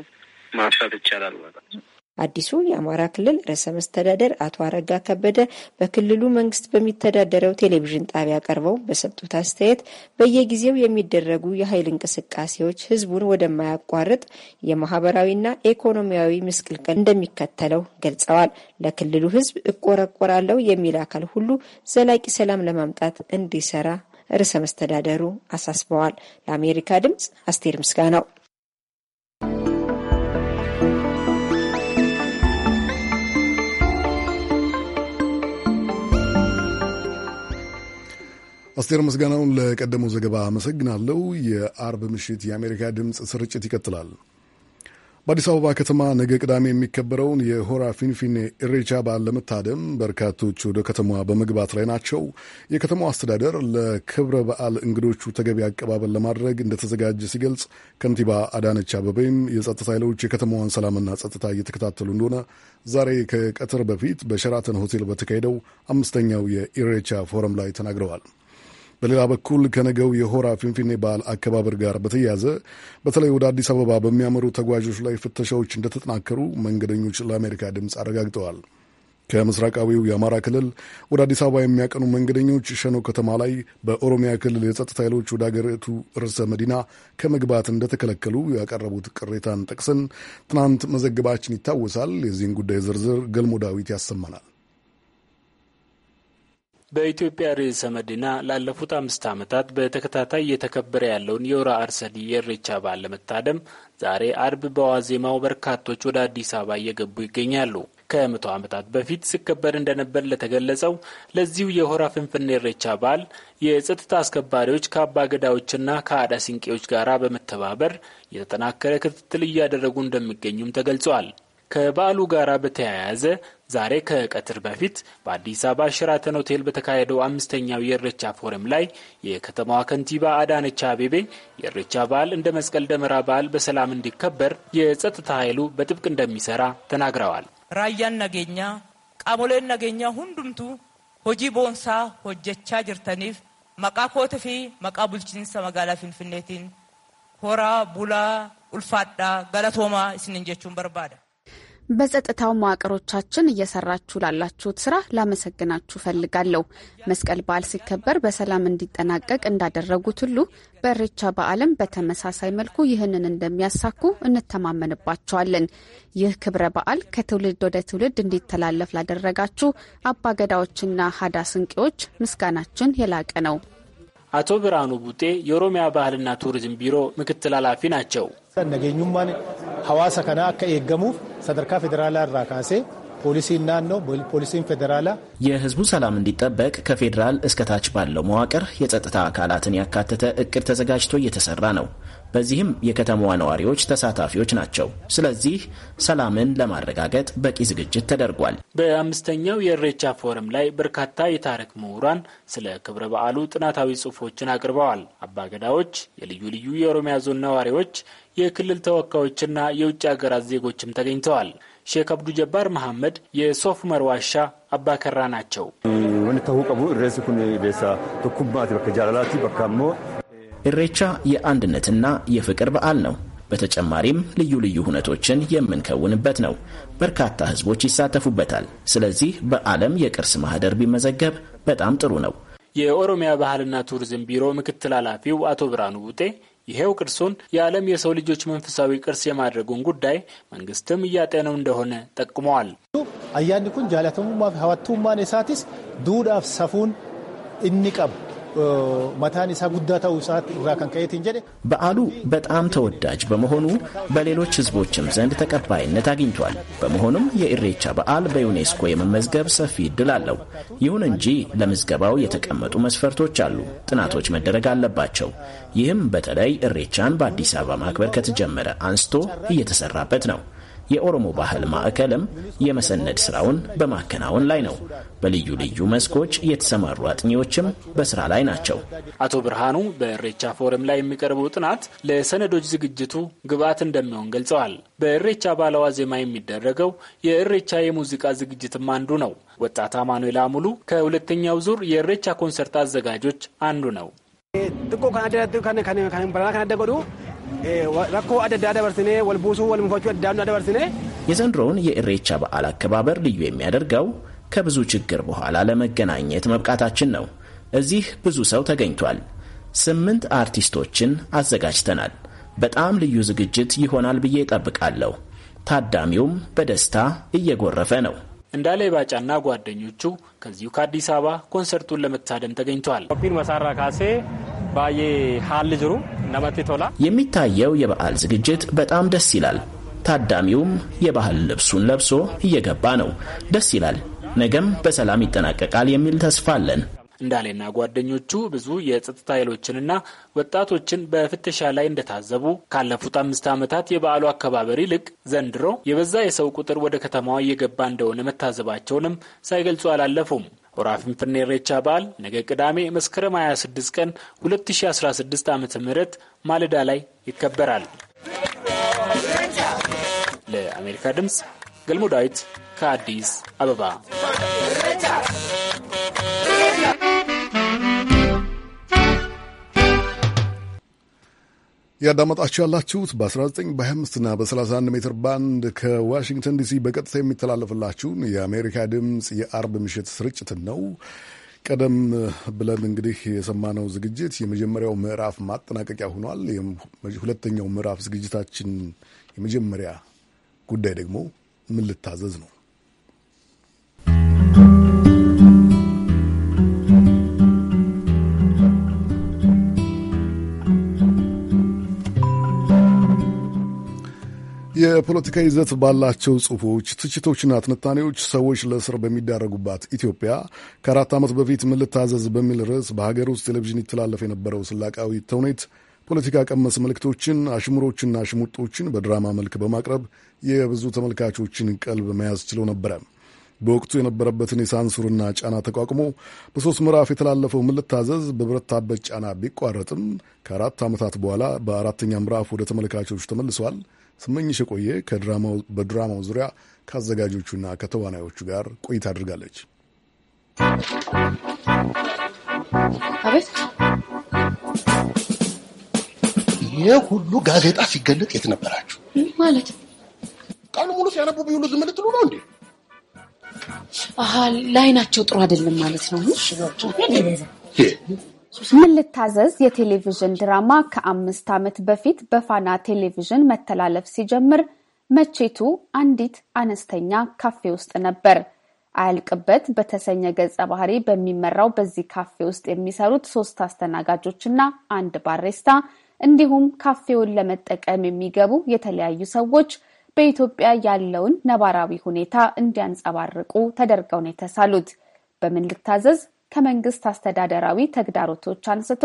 ማንሳት ይቻላል ማለት ነው። አዲሱ የአማራ ክልል ርዕሰ መስተዳደር አቶ አረጋ ከበደ በክልሉ መንግስት በሚተዳደረው ቴሌቪዥን ጣቢያ ቀርበው በሰጡት አስተያየት በየጊዜው የሚደረጉ የኃይል እንቅስቃሴዎች ህዝቡን ወደማያቋርጥ የማህበራዊና ኢኮኖሚያዊ ምስቅልቅል እንደሚከተለው ገልጸዋል። ለክልሉ ህዝብ እቆረቆራለሁ የሚል አካል ሁሉ ዘላቂ ሰላም ለማምጣት እንዲሰራ ርዕሰ መስተዳደሩ አሳስበዋል። ለአሜሪካ ድምጽ አስቴር ምስጋናው አስቴር ምስጋናውን ለቀደመው ዘገባ አመሰግናለሁ። የአርብ ምሽት የአሜሪካ ድምፅ ስርጭት ይቀጥላል። በአዲስ አበባ ከተማ ነገ ቅዳሜ የሚከበረውን የሆራ ፊንፊኔ ኢሬቻ በዓል ለመታደም በርካቶች ወደ ከተማዋ በመግባት ላይ ናቸው። የከተማዋ አስተዳደር ለክብረ በዓል እንግዶቹ ተገቢ አቀባበል ለማድረግ እንደተዘጋጀ ሲገልጽ፣ ከንቲባ አዳነች አበበይም የጸጥታ ኃይሎች የከተማዋን ሰላምና ጸጥታ እየተከታተሉ እንደሆነ ዛሬ ከቀትር በፊት በሸራተን ሆቴል በተካሄደው አምስተኛው የኢሬቻ ፎረም ላይ ተናግረዋል። በሌላ በኩል ከነገው የሆራ ፊንፊኔ በዓል አከባበር ጋር በተያያዘ በተለይ ወደ አዲስ አበባ በሚያመሩ ተጓዦች ላይ ፍተሻዎች እንደተጠናከሩ መንገደኞች ለአሜሪካ ድምፅ አረጋግጠዋል። ከምስራቃዊው የአማራ ክልል ወደ አዲስ አበባ የሚያቀኑ መንገደኞች ሸኖ ከተማ ላይ በኦሮሚያ ክልል የጸጥታ ኃይሎች ወደ አገሪቱ ርዕሰ መዲና ከመግባት እንደተከለከሉ ያቀረቡት ቅሬታን ጠቅሰን ትናንት መዘገባችን ይታወሳል። የዚህን ጉዳይ ዝርዝር ገልሞ ዳዊት ያሰማናል። በኢትዮጵያ ርዕሰ መዲና ላለፉት አምስት ዓመታት በተከታታይ እየተከበረ ያለውን የወራ አርሰዲ የእሬቻ በዓል ለመታደም ዛሬ አርብ በዋዜማው በርካቶች ወደ አዲስ አበባ እየገቡ ይገኛሉ። ከመቶ ዓመታት በፊት ሲከበር እንደነበር ለተገለጸው ለዚሁ የሆራ ፍንፍኔ እሬቻ በዓል የጸጥታ አስከባሪዎች ከአባ ገዳዎችና ከአዳ ሲንቄዎች ጋር በመተባበር የተጠናከረ ክትትል እያደረጉ እንደሚገኙም ተገልጿል። ከበዓሉ ጋር በተያያዘ ዛሬ ከቀትር በፊት በአዲስ አበባ ሸራተን ሆቴል በተካሄደው አምስተኛው የእሬቻ ፎረም ላይ የከተማዋ ከንቲባ አዳነች አቤቤ የእሬቻ በዓል እንደ መስቀል ደመራ በዓል በሰላም እንዲከበር የጸጥታ ኃይሉ በጥብቅ እንደሚሰራ ተናግረዋል። ራያን ነገኛ ቃሞሌን ነገኛ ሁንዱምቱ ሆጂ ቦንሳ ሆጀቻ ጅርተኒፍ መቃ ኮትፊ መቃ ቡልችንሰ መጋላ ፊንፍኔቲን ሆራ ቡላ ኡልፋዳ ገለቶማ እስንንጀቹን በርባዳ በጸጥታው መዋቅሮቻችን እየሰራችሁ ላላችሁት ስራ ላመሰግናችሁ ፈልጋለሁ። መስቀል በዓል ሲከበር በሰላም እንዲጠናቀቅ እንዳደረጉት ሁሉ በእሬቻ በዓልም በተመሳሳይ መልኩ ይህንን እንደሚያሳኩ እንተማመንባቸዋለን። ይህ ክብረ በዓል ከትውልድ ወደ ትውልድ እንዲተላለፍ ላደረጋችሁ አባገዳዎችና ሀዳ ስንቄዎች ምስጋናችን የላቀ ነው። አቶ ብርሃኑ ቡጤ የኦሮሚያ ባህልና ቱሪዝም ቢሮ ምክትል ኃላፊ ናቸው። fudhatan nageenyummaan hawaasa kanaa akka eeggamuuf sadarkaa federaalaa irraa kaasee ፖሊሲን ናኖ ፖሊሲን ፌዴራላ የህዝቡ ሰላም እንዲጠበቅ ከፌዴራል እስከታች ባለው መዋቅር የጸጥታ አካላትን ያካተተ እቅድ ተዘጋጅቶ እየተሰራ ነው። በዚህም የከተማዋ ነዋሪዎች ተሳታፊዎች ናቸው። ስለዚህ ሰላምን ለማረጋገጥ በቂ ዝግጅት ተደርጓል። በአምስተኛው የእሬቻ ፎረም ላይ በርካታ የታሪክ ምሁራን ስለ ክብረ በዓሉ ጥናታዊ ጽሑፎችን አቅርበዋል። አባገዳዎች፣ የልዩ ልዩ የኦሮሚያ ዞን ነዋሪዎች፣ የክልል ተወካዮችና የውጭ ሀገራት ዜጎችም ተገኝተዋል። ሼክ አብዱ ጀባር መሐመድ የሶፍ ዑመር ዋሻ አባከራ ናቸው። ወን ቀቡ ኩን ቤሳ ቶኩማቲ በከጃላላቲ በካሞ እሬቻ የአንድነትና የፍቅር በዓል ነው። በተጨማሪም ልዩ ልዩ ሁነቶችን የምንከውንበት ነው። በርካታ ህዝቦች ይሳተፉበታል። ስለዚህ በዓለም የቅርስ ማህደር ቢመዘገብ በጣም ጥሩ ነው። የኦሮሚያ ባህልና ቱሪዝም ቢሮ ምክትል ኃላፊው አቶ ብርሃኑ ቡጤ ይሄው ቅርሱን የዓለም የሰው ልጆች መንፈሳዊ ቅርስ የማድረጉን ጉዳይ መንግስትም እያጤነው እንደሆነ ጠቅመዋል። አያንኩን ጃላተሙማ ሀዋቱማን ሳቲስ ዱዳፍ ሰፉን እኒቀብ መታን ሳ ሰዓት ራ ከንቀየትን ጀደ በዓሉ በጣም ተወዳጅ በመሆኑ በሌሎች ህዝቦችም ዘንድ ተቀባይነት አግኝቷል። በመሆኑም የኢሬቻ በዓል በዩኔስኮ የመመዝገብ ሰፊ እድል አለው። ይሁን እንጂ ለምዝገባው የተቀመጡ መስፈርቶች አሉ፣ ጥናቶች መደረግ አለባቸው። ይህም በተለይ እሬቻን በአዲስ አበባ ማክበር ከተጀመረ አንስቶ እየተሰራበት ነው። የኦሮሞ ባህል ማዕከልም የመሰነድ ስራውን በማከናወን ላይ ነው። በልዩ ልዩ መስኮች የተሰማሩ አጥኚዎችም በስራ ላይ ናቸው። አቶ ብርሃኑ በእሬቻ ፎረም ላይ የሚቀርበው ጥናት ለሰነዶች ዝግጅቱ ግብዓት እንደሚሆን ገልጸዋል። በእሬቻ ባለዋ ዜማ የሚደረገው የእሬቻ የሙዚቃ ዝግጅትም አንዱ ነው። ወጣት አማኑኤል አሙሉ ከሁለተኛው ዙር የእሬቻ ኮንሰርት አዘጋጆች አንዱ ነው። ጥቆ ከነ ረኮ አደዳ ደበርስኔ ወልቡሱ ወልሙፈቹ አዳኑ አደበርስኔ የዘንድሮውን የእሬቻ በዓል አከባበር ልዩ የሚያደርገው ከብዙ ችግር በኋላ ለመገናኘት መብቃታችን ነው። እዚህ ብዙ ሰው ተገኝቷል። ስምንት አርቲስቶችን አዘጋጅተናል። በጣም ልዩ ዝግጅት ይሆናል ብዬ እጠብቃለሁ። ታዳሚውም በደስታ እየጎረፈ ነው። እንዳለ ባጫና ጓደኞቹ ከዚሁ ከአዲስ አበባ ኮንሰርቱን ለመታደም ተገኝተዋል። መሳራ ካሴ ባዬ ሀል ጅሩ ነመቴ ቶላ። የሚታየው የበዓል ዝግጅት በጣም ደስ ይላል። ታዳሚውም የባህል ልብሱን ለብሶ እየገባ ነው። ደስ ይላል። ነገም በሰላም ይጠናቀቃል የሚል ተስፋ አለን። እንዳሌና ጓደኞቹ ብዙ የጸጥታ ኃይሎችንና ወጣቶችን በፍተሻ ላይ እንደታዘቡ ካለፉት አምስት ዓመታት የበዓሉ አከባበር ይልቅ ዘንድሮ የበዛ የሰው ቁጥር ወደ ከተማዋ እየገባ እንደሆነ መታዘባቸውንም ሳይገልጹ አላለፉም። ሆራ ፊንፊኔ ኢሬቻ በዓል ነገ ቅዳሜ መስከረም 26 ቀን 2016 ዓ ም ማለዳ ላይ ይከበራል። ለአሜሪካ ድምፅ ገልሞ ዳዊት ከአዲስ አበባ እያዳመጣችሁ ያላችሁት በ19 በ25ና በ31 ሜትር ባንድ ከዋሽንግተን ዲሲ በቀጥታ የሚተላለፍላችሁን የአሜሪካ ድምፅ የአርብ ምሽት ስርጭትን ነው። ቀደም ብለን እንግዲህ የሰማነው ዝግጅት የመጀመሪያው ምዕራፍ ማጠናቀቂያ ሆኗል። ሁለተኛው ምዕራፍ ዝግጅታችን የመጀመሪያ ጉዳይ ደግሞ ምን ልታዘዝ ነው የፖለቲካ ይዘት ባላቸው ጽሁፎች ትችቶችና ትንታኔዎች ሰዎች ለእስር በሚዳረጉባት ኢትዮጵያ ከአራት ዓመት በፊት ምን ልታዘዝ በሚል ርዕስ በሀገር ውስጥ ቴሌቪዥን ይተላለፍ የነበረው ስላቃዊ ተውኔት ፖለቲካ ቀመስ መልእክቶችን፣ አሽሙሮችና ሽሙጦችን በድራማ መልክ በማቅረብ የብዙ ተመልካቾችን ቀልብ መያዝ ችሎ ነበረ። በወቅቱ የነበረበትን የሳንሱርና ጫና ተቋቁሞ በሶስት ምዕራፍ የተላለፈው ምን ልታዘዝ በብረታበት ጫና ቢቋረጥም ከአራት ዓመታት በኋላ በአራተኛ ምዕራፍ ወደ ተመልካቾች ተመልሷል። ስመኝሽ የቆየ በድራማው ዙሪያ ከአዘጋጆቹና ከተዋናዮቹ ጋር ቆይታ አድርጋለች። ይህ ሁሉ ጋዜጣ ሲገለጥ የት ነበራችሁ? ማለት ቀኑ ሙሉ ሲያነቡ ቢውሉ ዝም ልትሉ ነው እንዴ? ላይናቸው ጥሩ አይደለም ማለት ነው። ምን ልታዘዝ የቴሌቪዥን ድራማ ከአምስት ዓመት በፊት በፋና ቴሌቪዥን መተላለፍ ሲጀምር መቼቱ አንዲት አነስተኛ ካፌ ውስጥ ነበር። አያልቅበት በተሰኘ ገጸ ባህሪ በሚመራው በዚህ ካፌ ውስጥ የሚሰሩት ሶስት አስተናጋጆችና አንድ ባሬስታ እንዲሁም ካፌውን ለመጠቀም የሚገቡ የተለያዩ ሰዎች በኢትዮጵያ ያለውን ነባራዊ ሁኔታ እንዲያንጸባርቁ ተደርገው ነው የተሳሉት። በምን ልታዘዝ ከመንግስት አስተዳደራዊ ተግዳሮቶች አንስቶ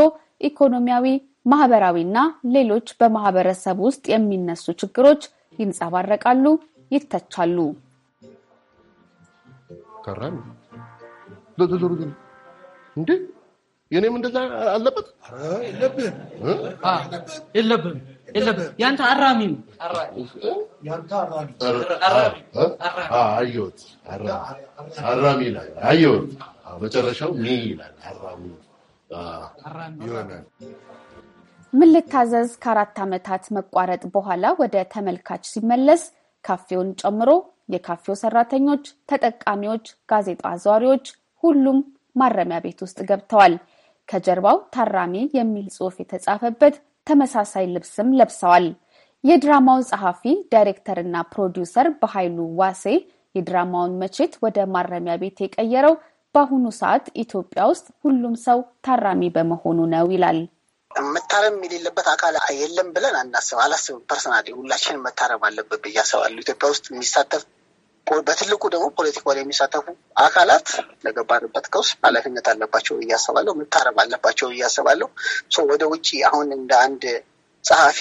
ኢኮኖሚያዊ፣ ማህበራዊና ሌሎች በማህበረሰብ ውስጥ የሚነሱ ችግሮች ይንጸባረቃሉ፣ ይተቻሉ። ቀራሚ ዞሩ እንዴ የኔም እንደዛ አለበት የለብህም የለብህም ያንተ አራሚ ነው አራሚ ላይ አየሁት መጨረሻው ሚ ይላል አራሙ ይሆናል። ምን ልታዘዝ ከአራት ዓመታት መቋረጥ በኋላ ወደ ተመልካች ሲመለስ ካፌውን ጨምሮ የካፌው ሰራተኞች፣ ተጠቃሚዎች፣ ጋዜጣ አዘዋሪዎች ሁሉም ማረሚያ ቤት ውስጥ ገብተዋል። ከጀርባው ታራሚ የሚል ጽሑፍ የተጻፈበት ተመሳሳይ ልብስም ለብሰዋል። የድራማው ጸሐፊ ዳይሬክተርና ፕሮዲውሰር በኃይሉ ዋሴ የድራማውን መቼት ወደ ማረሚያ ቤት የቀየረው በአሁኑ ሰዓት ኢትዮጵያ ውስጥ ሁሉም ሰው ታራሚ በመሆኑ ነው ይላል። መታረም የሌለበት አካል የለም ብለን አናስብ አላስብም። ፐርሰናሊ ሁላችን መታረም አለበት ብዬ አስባለሁ። ኢትዮጵያ ውስጥ የሚሳተፍ በትልቁ ደግሞ ፖለቲካ ላይ የሚሳተፉ አካላት ለገባንበት ቀውስ ኃላፊነት አለባቸው ብዬ አስባለሁ። መታረም አለባቸው ብዬ ወደ ውጭ አሁን እንደ አንድ ጸሐፊ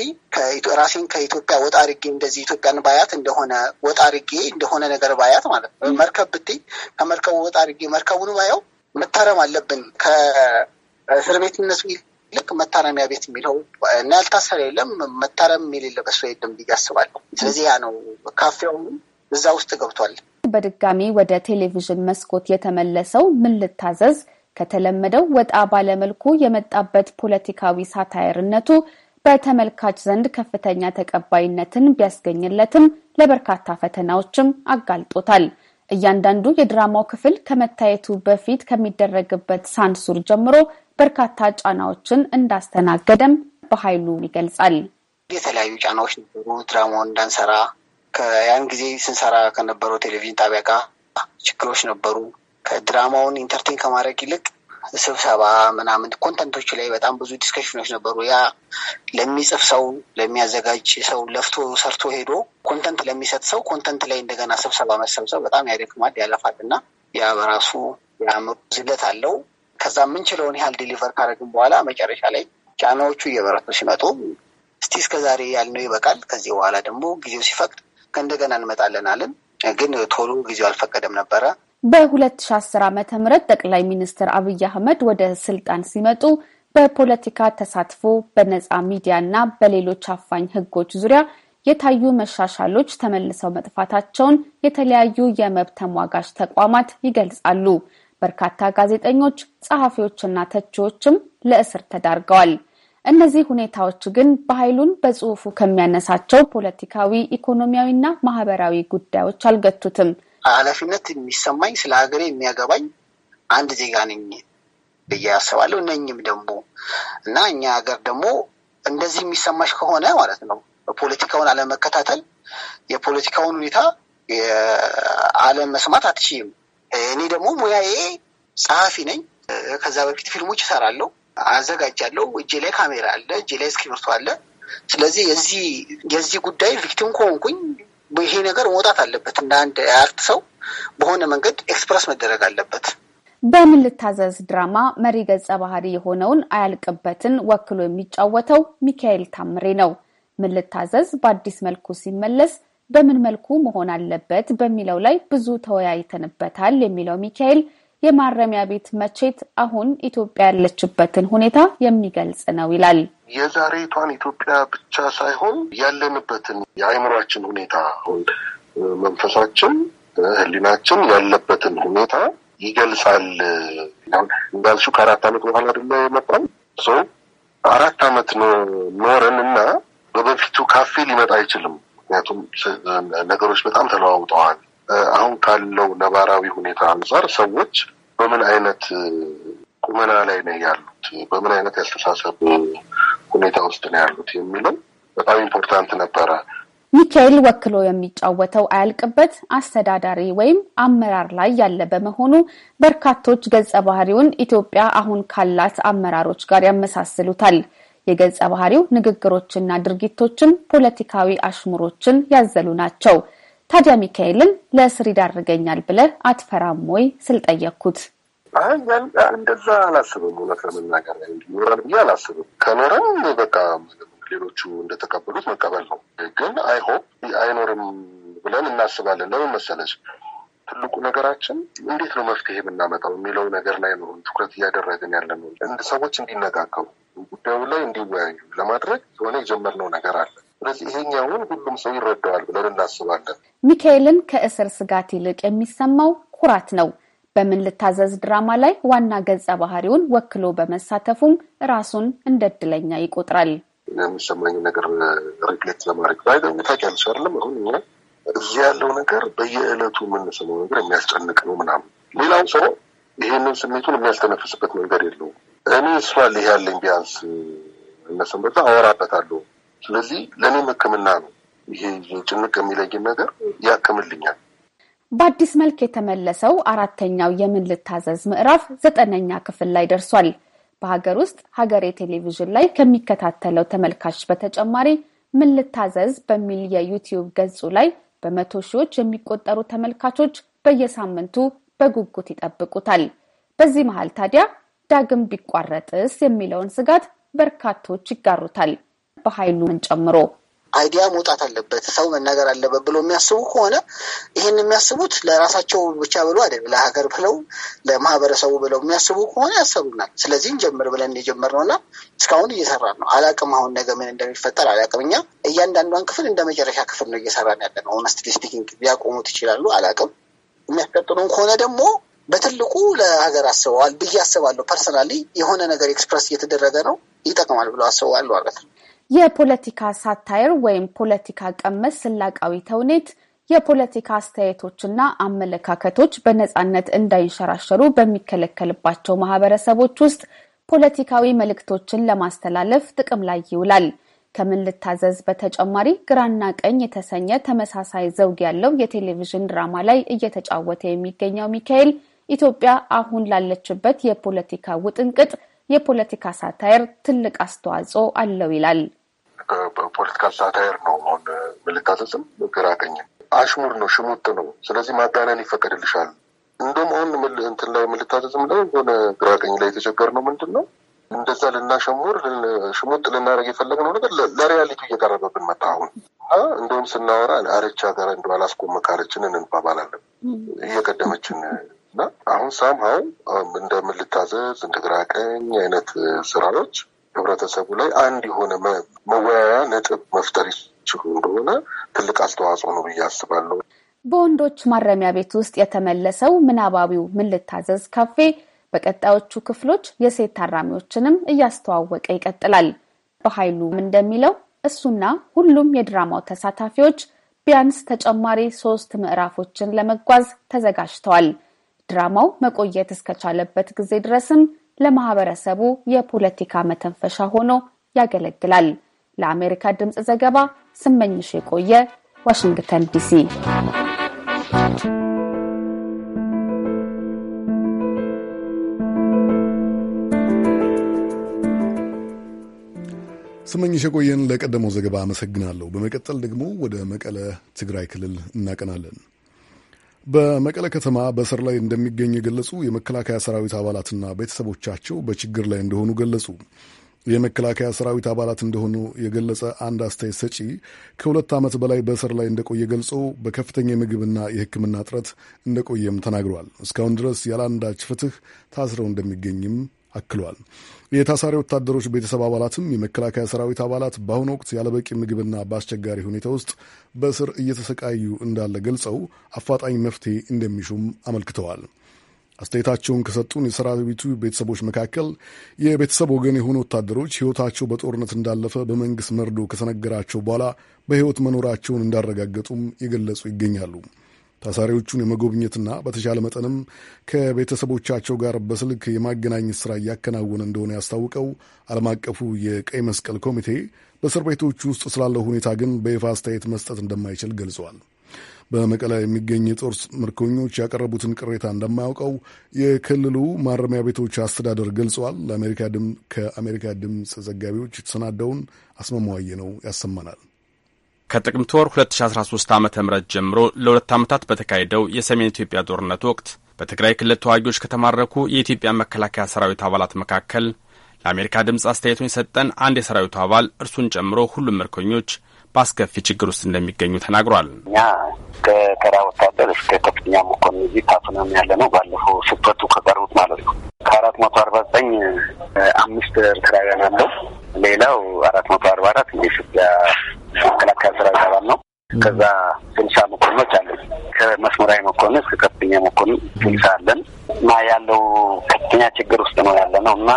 ራሴን ከኢትዮጵያ ወጣ አድርጌ እንደዚህ ኢትዮጵያን ባያት እንደሆነ ወጣ አድርጌ እንደሆነ ነገር ባያት ማለት ነው። መርከብ ብትይ ከመርከቡ ወጣ አድርጌ መርከቡን ባየው መታረም አለብን ከእስር ቤትነቱ ልክ መታረሚያ ቤት የሚለው እና ያልታሰረ የለም መታረም የሌለ በሱ የለም ብዬ አስባለሁ። ስለዚህ ያ ነው ካፌው እዛ ውስጥ ገብቷል። በድጋሚ ወደ ቴሌቪዥን መስኮት የተመለሰው ምን ልታዘዝ ከተለመደው ወጣ ባለመልኩ የመጣበት ፖለቲካዊ ሳታየርነቱ በተመልካች ዘንድ ከፍተኛ ተቀባይነትን ቢያስገኝለትም ለበርካታ ፈተናዎችም አጋልጦታል። እያንዳንዱ የድራማው ክፍል ከመታየቱ በፊት ከሚደረግበት ሳንሱር ጀምሮ በርካታ ጫናዎችን እንዳስተናገደም በኃይሉ ይገልጻል። የተለያዩ ጫናዎች ነበሩ። ድራማውን እንዳንሰራ ከያን ጊዜ ስንሰራ ከነበረው ቴሌቪዥን ጣቢያ ጋር ችግሮች ነበሩ። ከድራማውን ኢንተርቴን ከማድረግ ይልቅ ስብሰባ ምናምን ኮንተንቶች ላይ በጣም ብዙ ዲስከሽኖች ነበሩ። ያ ለሚጽፍ ሰው ለሚያዘጋጅ ሰው ለፍቶ ሰርቶ ሄዶ ኮንተንት ለሚሰጥ ሰው ኮንተንት ላይ እንደገና ስብሰባ መሰብሰብ በጣም ያደክማል፣ ያለፋል እና ያ በራሱ የአእምሮ ዝለት አለው። ከዛ የምንችለውን ያህል ዲሊቨር ካደረግን በኋላ መጨረሻ ላይ ጫናዎቹ እየበረቱ ሲመጡ እስቲ ዛሬ ያልነው ይበቃል፣ ከዚህ በኋላ ደግሞ ጊዜው ሲፈቅድ ከእንደገና እንመጣለን አለን። ግን ቶሎ ጊዜው አልፈቀደም ነበረ። በ2010 ዓ ም ጠቅላይ ሚኒስትር አብይ አህመድ ወደ ስልጣን ሲመጡ በፖለቲካ ተሳትፎ በነጻ ሚዲያ እና በሌሎች አፋኝ ሕጎች ዙሪያ የታዩ መሻሻሎች ተመልሰው መጥፋታቸውን የተለያዩ የመብት ተሟጋች ተቋማት ይገልጻሉ። በርካታ ጋዜጠኞች፣ ጸሐፊዎችና ተቺዎችም ለእስር ተዳርገዋል። እነዚህ ሁኔታዎች ግን በኃይሉን በጽሑፉ ከሚያነሳቸው ፖለቲካዊ፣ ኢኮኖሚያዊና ማህበራዊ ጉዳዮች አልገቱትም። ኃላፊነት የሚሰማኝ ስለ ሀገሬ የሚያገባኝ አንድ ዜጋ ነኝ ብዬ አስባለሁ። ነኝም ደግሞ እና እኛ ሀገር ደግሞ እንደዚህ የሚሰማሽ ከሆነ ማለት ነው ፖለቲካውን አለመከታተል፣ የፖለቲካውን ሁኔታ አለመስማት አትችይም። እኔ ደግሞ ሙያዬ ጸሐፊ ነኝ። ከዛ በፊት ፊልሞች እሰራለሁ፣ አዘጋጃለሁ። እጄ ላይ ካሜራ አለ፣ እጄ ላይ እስክሪብቶ አለ። ስለዚህ የዚህ ጉዳይ ቪክቲም ከሆንኩኝ ይሄ ነገር መውጣት አለበት። እንደ አንድ የአርት ሰው በሆነ መንገድ ኤክስፕረስ መደረግ አለበት። በምን ልታዘዝ ድራማ መሪ ገጸ ባህሪ የሆነውን አያልቅበትን ወክሎ የሚጫወተው ሚካኤል ታምሬ ነው። ምን ልታዘዝ በአዲስ መልኩ ሲመለስ በምን መልኩ መሆን አለበት በሚለው ላይ ብዙ ተወያይተንበታል የሚለው ሚካኤል የማረሚያ ቤት መቼት አሁን ኢትዮጵያ ያለችበትን ሁኔታ የሚገልጽ ነው ይላል። የዛሬቷን ኢትዮጵያ ብቻ ሳይሆን ያለንበትን የአእምሯችን ሁኔታ አሁን መንፈሳችን፣ ህሊናችን ያለበትን ሁኔታ ይገልጻል። እንዳልሹ ከአራት ዓመት በኋላ ድማ የመጣው ሰው አራት ዓመት ኖረን እና በበፊቱ ካፌ ሊመጣ አይችልም። ምክንያቱም ነገሮች በጣም ተለዋውጠዋል። አሁን ካለው ነባራዊ ሁኔታ አንጻር ሰዎች በምን አይነት ቁመና ላይ ነው ያሉት፣ በምን አይነት ያስተሳሰብ ሁኔታ ውስጥ ነው ያሉት የሚለው በጣም ኢምፖርታንት ነበረ። ሚካኤል ወክሎ የሚጫወተው አያልቅበት አስተዳዳሪ ወይም አመራር ላይ ያለ በመሆኑ በርካቶች ገጸ ባህሪውን ኢትዮጵያ አሁን ካላት አመራሮች ጋር ያመሳስሉታል። የገጸ ባህሪው ንግግሮችና ድርጊቶችም ፖለቲካዊ አሽሙሮችን ያዘሉ ናቸው። ታዲያ ሚካኤልን ለእስር ይዳርገኛል ብለህ አትፈራም ወይ ስል ጠየቅኩት። አይ እንደዛ አላስብም። እውነት ለመናገር ይኖራል ብዬ አላስብም። ከኖረም በቃ ሌሎቹ እንደተቀበሉት መቀበል ነው። ግን አይሆፕ አይኖርም ብለን እናስባለን። ለምን መሰለች ትልቁ ነገራችን እንዴት ነው መፍትሄ የምናመጣው የሚለው ነገር ላይ ነው ትኩረት እያደረግን ያለ ነው። ሰዎች እንዲነጋገሩ ጉዳዩ ላይ እንዲወያዩ ለማድረግ የሆነ የጀመርነው ነገር አለ ስለዚህ ይሄኛውን ሁሉም ሰው ይረዳዋል ብለን እናስባለን። ሚካኤልን ከእስር ስጋት ይልቅ የሚሰማው ኩራት ነው። በምን ልታዘዝ ድራማ ላይ ዋና ገጸ ባህሪውን ወክሎ በመሳተፉም ራሱን እንደ እድለኛ ይቆጥራል። የሚሰማኝ ነገር ሪግሌት ለማድረግ ባይ ታውቂያለሽ አይደለም አሁን እኛ እዚህ ያለው ነገር በየዕለቱ የምንሰማው ነገር የሚያስጨንቅ ነው ምናምን። ሌላው ሰው ይሄንን ስሜቱን የሚያስተነፍስበት መንገድ የለውም። እኔ እሷ ይሄ ያለኝ ቢያንስ እነሱም በዛ አወራበታለሁ ስለዚህ ለእኔም ህክምና ነው። ይሄ ጭንቅ የሚለይን ነገር ያክምልኛል። በአዲስ መልክ የተመለሰው አራተኛው የምን ልታዘዝ ምዕራፍ ዘጠነኛ ክፍል ላይ ደርሷል። በሀገር ውስጥ ሀገሬ ቴሌቪዥን ላይ ከሚከታተለው ተመልካች በተጨማሪ ምን ልታዘዝ በሚል የዩቲዩብ ገጹ ላይ በመቶ ሺዎች የሚቆጠሩ ተመልካቾች በየሳምንቱ በጉጉት ይጠብቁታል። በዚህ መሀል ታዲያ ዳግም ቢቋረጥስ የሚለውን ስጋት በርካቶች ይጋሩታል። በኃይሉን ጨምሮ አይዲያ መውጣት አለበት፣ ሰው መናገር አለበት ብሎ የሚያስቡ ከሆነ ይህን የሚያስቡት ለራሳቸው ብቻ ብሎ አይደለም፣ ለሀገር ብለው ለማህበረሰቡ ብለው የሚያስቡ ከሆነ ያሰሩናል። ስለዚህ እንጀምር ብለን የጀመርነው እና እስካሁን እየሰራን ነው። አላቅም አሁን ነገ ምን እንደሚፈጠር አላቅም። እኛ እያንዳንዷን ክፍል እንደ መጨረሻ ክፍል ነው እየሰራን ያለ ነው። ሆነስትሊ ስፒኪንግ ሊያቆሙት ይችላሉ፣ አላቅም። የሚያስቀጥሉን ከሆነ ደግሞ በትልቁ ለሀገር አስበዋል ብዬ አስባለሁ። ፐርሰናሊ የሆነ ነገር ኤክስፕረስ እየተደረገ ነው፣ ይጠቅማል ብለው አስበዋል ማለት ነው። የፖለቲካ ሳታይር ወይም ፖለቲካ ቀመስ ስላቃዊ ተውኔት የፖለቲካ አስተያየቶችና አመለካከቶች በነጻነት እንዳይንሸራሸሩ በሚከለከልባቸው ማህበረሰቦች ውስጥ ፖለቲካዊ መልእክቶችን ለማስተላለፍ ጥቅም ላይ ይውላል። ከምን ልታዘዝ በተጨማሪ ግራና ቀኝ የተሰኘ ተመሳሳይ ዘውግ ያለው የቴሌቪዥን ድራማ ላይ እየተጫወተ የሚገኘው ሚካኤል ኢትዮጵያ አሁን ላለችበት የፖለቲካ ውጥንቅጥ የፖለቲካ ሳታየር ትልቅ አስተዋጽኦ አለው ይላል። በፖለቲካ ሳታየር ነው አሁን ምልታሰስም ግራ ቀኝ አሽሙር ነው፣ ሽሙጥ ነው። ስለዚህ ማጋነን ይፈቀድልሻል። እንደም አሁን እንትን ላይ ምልታሰስም ላይ ሆነ ግራ ቀኝ ላይ ነው ምንድን ነው እንደዛ ልናሸሙር ሽሙጥ ልናደርግ የፈለግነው ነገር ለሪያሊቲ እየቀረበብን መጣ አሁን እና እንደውም ስናወራ አረቻ ጋር እንደ አላስቆመ ካለችን እንባባላለን እየቀደመችን እና አሁን ሳምሀው እንደምን ልታዘዝ እንደ ግራ ቀኝ አይነት ስራዎች ህብረተሰቡ ላይ አንድ የሆነ መወያያ ነጥብ መፍጠር ይችሉ እንደሆነ ትልቅ አስተዋጽኦ ነው ብዬ አስባለሁ። በወንዶች ማረሚያ ቤት ውስጥ የተመለሰው ምናባዊው ምን ልታዘዝ ካፌ በቀጣዮቹ ክፍሎች የሴት ታራሚዎችንም እያስተዋወቀ ይቀጥላል። በኃይሉም እንደሚለው እሱና ሁሉም የድራማው ተሳታፊዎች ቢያንስ ተጨማሪ ሶስት ምዕራፎችን ለመጓዝ ተዘጋጅተዋል። ድራማው መቆየት እስከቻለበት ጊዜ ድረስም ለማህበረሰቡ የፖለቲካ መተንፈሻ ሆኖ ያገለግላል። ለአሜሪካ ድምፅ ዘገባ ስመኝሽ የቆየ ዋሽንግተን ዲሲ። ስመኝሽ የቆየን ለቀደመው ዘገባ አመሰግናለሁ። በመቀጠል ደግሞ ወደ መቀለ ትግራይ ክልል እናቀናለን። በመቀለ ከተማ በእስር ላይ እንደሚገኙ የገለጹ የመከላከያ ሰራዊት አባላትና ቤተሰቦቻቸው በችግር ላይ እንደሆኑ ገለጹ። የመከላከያ ሰራዊት አባላት እንደሆኑ የገለጸ አንድ አስተያየት ሰጪ ከሁለት ዓመት በላይ በእስር ላይ እንደቆየ ገልጾ በከፍተኛ የምግብና የሕክምና እጥረት እንደቆየም ተናግሯል። እስካሁን ድረስ ያለአንዳች ፍትህ ታስረው እንደሚገኝም አክሏል። የታሳሪ ወታደሮች ቤተሰብ አባላትም የመከላከያ ሰራዊት አባላት በአሁኑ ወቅት ያለበቂ ምግብና በአስቸጋሪ ሁኔታ ውስጥ በእስር እየተሰቃዩ እንዳለ ገልጸው አፋጣኝ መፍትሄ እንደሚሹም አመልክተዋል። አስተያየታቸውን ከሰጡን የሰራዊቱ ቤተሰቦች መካከል የቤተሰብ ወገን የሆኑ ወታደሮች ሕይወታቸው በጦርነት እንዳለፈ በመንግሥት መርዶ ከተነገራቸው በኋላ በሕይወት መኖራቸውን እንዳረጋገጡም የገለጹ ይገኛሉ። ታሳሪዎቹን የመጎብኘትና በተቻለ መጠንም ከቤተሰቦቻቸው ጋር በስልክ የማገናኘት ስራ እያከናወነ እንደሆነ ያስታውቀው ዓለም አቀፉ የቀይ መስቀል ኮሚቴ በእስር ቤቶች ውስጥ ስላለው ሁኔታ ግን በይፋ አስተያየት መስጠት እንደማይችል ገልጸዋል። በመቀለ የሚገኝ የጦር ምርኮኞች ያቀረቡትን ቅሬታ እንደማያውቀው የክልሉ ማረሚያ ቤቶች አስተዳደር ገልጸዋል። ከአሜሪካ ድምፅ ዘጋቢዎች የተሰናደውን አስመማዋየ ነው ያሰማናል። ከጥቅምት ወር 2013 ዓ ም ጀምሮ ለሁለት ዓመታት በተካሄደው የሰሜን ኢትዮጵያ ጦርነት ወቅት በትግራይ ክልል ተዋጊዎች ከተማረኩ የኢትዮጵያ መከላከያ ሰራዊት አባላት መካከል ለአሜሪካ ድምፅ አስተያየቱን የሰጠን አንድ የሰራዊቱ አባል እርሱን ጨምሮ ሁሉም ምርኮኞች በአስከፊ ችግር ውስጥ እንደሚገኙ ተናግሯል። እኛ ከተራ ወታደር እስከ ከፍተኛ መኮንን እዚህ ታፍነን ያለ ነው። ባለፈው ስፈቱ ከቀሩት ማለት ነው ከአራት መቶ አርባ ዘጠኝ አምስት ኤርትራውያን አለው። ሌላው አራት መቶ አርባ አራት የኢትዮጵያ መከላከያ ሰራዊት አባል ነው። ከዛ ስልሳ መኮንኖች አለን። ከመስመራዊ መኮንን እስከ ከፍተኛ መኮንን ስልሳ አለን እና ያለው ከፍተኛ ችግር ውስጥ ነው ያለ ነው እና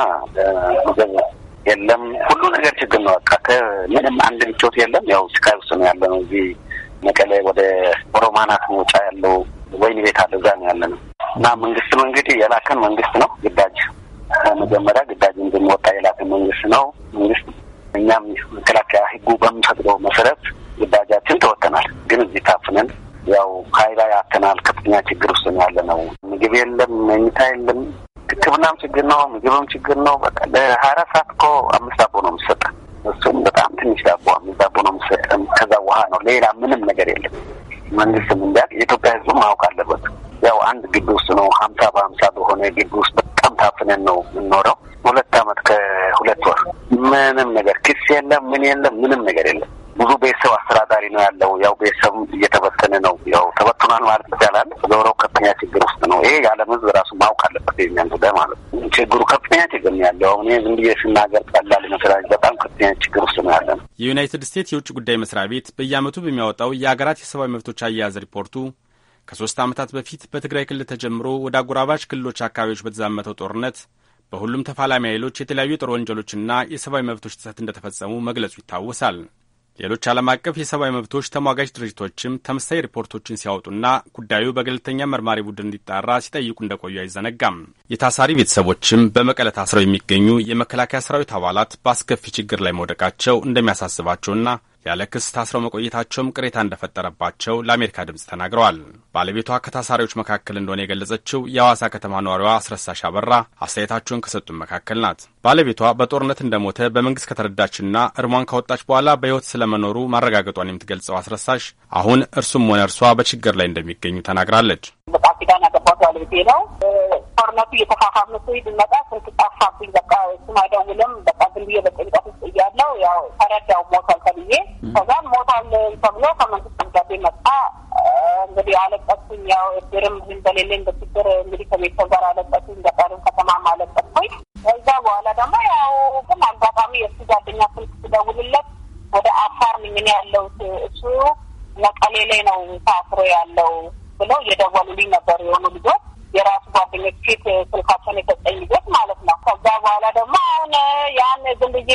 የለም። ሁሉ ነገር ችግር ነው። በቃ ከምንም አንድ ምቾት የለም። ያው ስቃይ ውስጥ ነው ያለ ነው። እዚህ መቀሌ ወደ ኦሮማናት መውጫ ያለው ወይን ቤት አለ፣ እዛ ነው ያለ ነው እና መንግስትም እንግዲህ የላከን መንግስት ነው። ግዳጅ መጀመሪያ ግዳጅ እንድንወጣ የላከን መንግስት ነው። መንግስት እኛም መከላከያ ህጉ በሚፈቅደው መሰረት ግዳጃችን ተወጥተናል። ግን እዚህ ታፍነን ያው ሀይላ ያተናል። ከፍተኛ ችግር ውስጥ ነው ያለ ነው። ምግብ የለም፣ መኝታ የለም ክብናም ችግር ነው፣ ምግብም ችግር ነው። በቃ ለሀያ አራት ሰዓት እኮ አምስት ዳቦ ነው የሚሰጠ። እሱም በጣም ትንሽ ዳቦ አምስት ዳቦ ነው የሚሰጠ። ከዛ ውሃ ነው፣ ሌላ ምንም ነገር የለም። መንግስትም እንዲያውቅ የኢትዮጵያ ህዝብ ማወቅ አለበት። ያው አንድ ግቢ ውስጥ ነው፣ ሀምሳ በሀምሳ በሆነ ግቢ ውስጥ በጣም ታፍነን ነው የምኖረው። ሁለት አመት ከሁለት ወር ምንም ነገር ክስ የለም፣ ምን የለም፣ ምንም ነገር የለም። ብዙ ቤተሰብ አስተዳዳሪ ነው ያለው። ያው ቤተሰብ እየተበተነ ነው፣ ያው ተበትኗል ማለት ይቻላል። ዞሮ ከፍተኛ ችግር ውስጥ ነው። ይሄ የዓለም ሕዝብ ራሱ ማወቅ አለበት። የሚያን ጉዳይ ማለት ነው። ችግሩ ከፍተኛ ችግር ነው ያለው። አሁን ዝም ብዬ ስናገር ቀላል ይመስላል። በጣም ከፍተኛ ችግር ውስጥ ነው ያለ ነው። የዩናይትድ ስቴትስ የውጭ ጉዳይ መስሪያ ቤት በየዓመቱ በሚያወጣው የሀገራት የሰብአዊ መብቶች አያያዝ ሪፖርቱ ከሶስት ዓመታት በፊት በትግራይ ክልል ተጀምሮ ወደ አጎራባች ክልሎች አካባቢዎች በተዛመተው ጦርነት በሁሉም ተፋላሚ ኃይሎች የተለያዩ የጦር ወንጀሎችና የሰብአዊ መብቶች ጥሰት እንደተፈጸሙ መግለጹ ይታወሳል። ሌሎች ዓለም አቀፍ የሰብአዊ መብቶች ተሟጋጅ ድርጅቶችም ተመሳሳይ ሪፖርቶችን ሲያወጡና ጉዳዩ በገለልተኛ መርማሪ ቡድን እንዲጣራ ሲጠይቁ እንደቆዩ አይዘነጋም። የታሳሪ ቤተሰቦችም በመቀለ ታስረው የሚገኙ የመከላከያ ሰራዊት አባላት በአስከፊ ችግር ላይ መውደቃቸው እንደሚያሳስባቸውና ያለ ክስ ታስረው መቆየታቸውም ቅሬታ እንደፈጠረባቸው ለአሜሪካ ድምፅ ተናግረዋል። ባለቤቷ ከታሳሪዎች መካከል እንደሆነ የገለጸችው የአዋሳ ከተማ ነዋሪዋ አስረሳሽ አበራ አስተያየታቸውን ከሰጡን መካከል ናት። ባለቤቷ በጦርነት እንደሞተ በመንግስት ከተረዳችና እርሟን ከወጣች በኋላ በሕይወት ስለመኖሩ ማረጋገጧን የምትገልጸው አስረሳሽ አሁን እርሱም ሆነ እርሷ በችግር ላይ እንደሚገኙ ተናግራለች። በጣም ኪዳን ያገባት ባለቤቴ ነው። ጦርነቱ እየተፋፋመ ብመጣ ስልክ ጠፋብኝ። በቃ እሱም አይደውልም። በቃ ዝም ብዬ በጭንቀት ውስጥ እያለሁ ያው ተረዳው ሞቷል ተብዬ። ከዛም ሞቷል ተብሎ ከመንግስት ደብዳቤ መጣ። እንግዲህ አለቀሱኝ። ያው እድርም ዝም በሌለኝ በችግር እንግዲህ ከቤተሰብ ጋር ገጠርም ከተማም አለቀ ከዛ በኋላ ደግሞ ያው ግን አጋጣሚ የእሱ ጓደኛ ስልክ ስደውልለት ወደ አፋር ምን ያለው እሱ መቀሌ ላይ ነው ታስሮ ያለው ብለው እየደወሉልኝ ነበር የሆኑ ልጆች የራሱ ጓደኞች ፊት ስልካቸውን የሰጠኝ ልጆች ማለት ነው። ከዛ በኋላ ደግሞ አሁን ያን ዝም ብዬ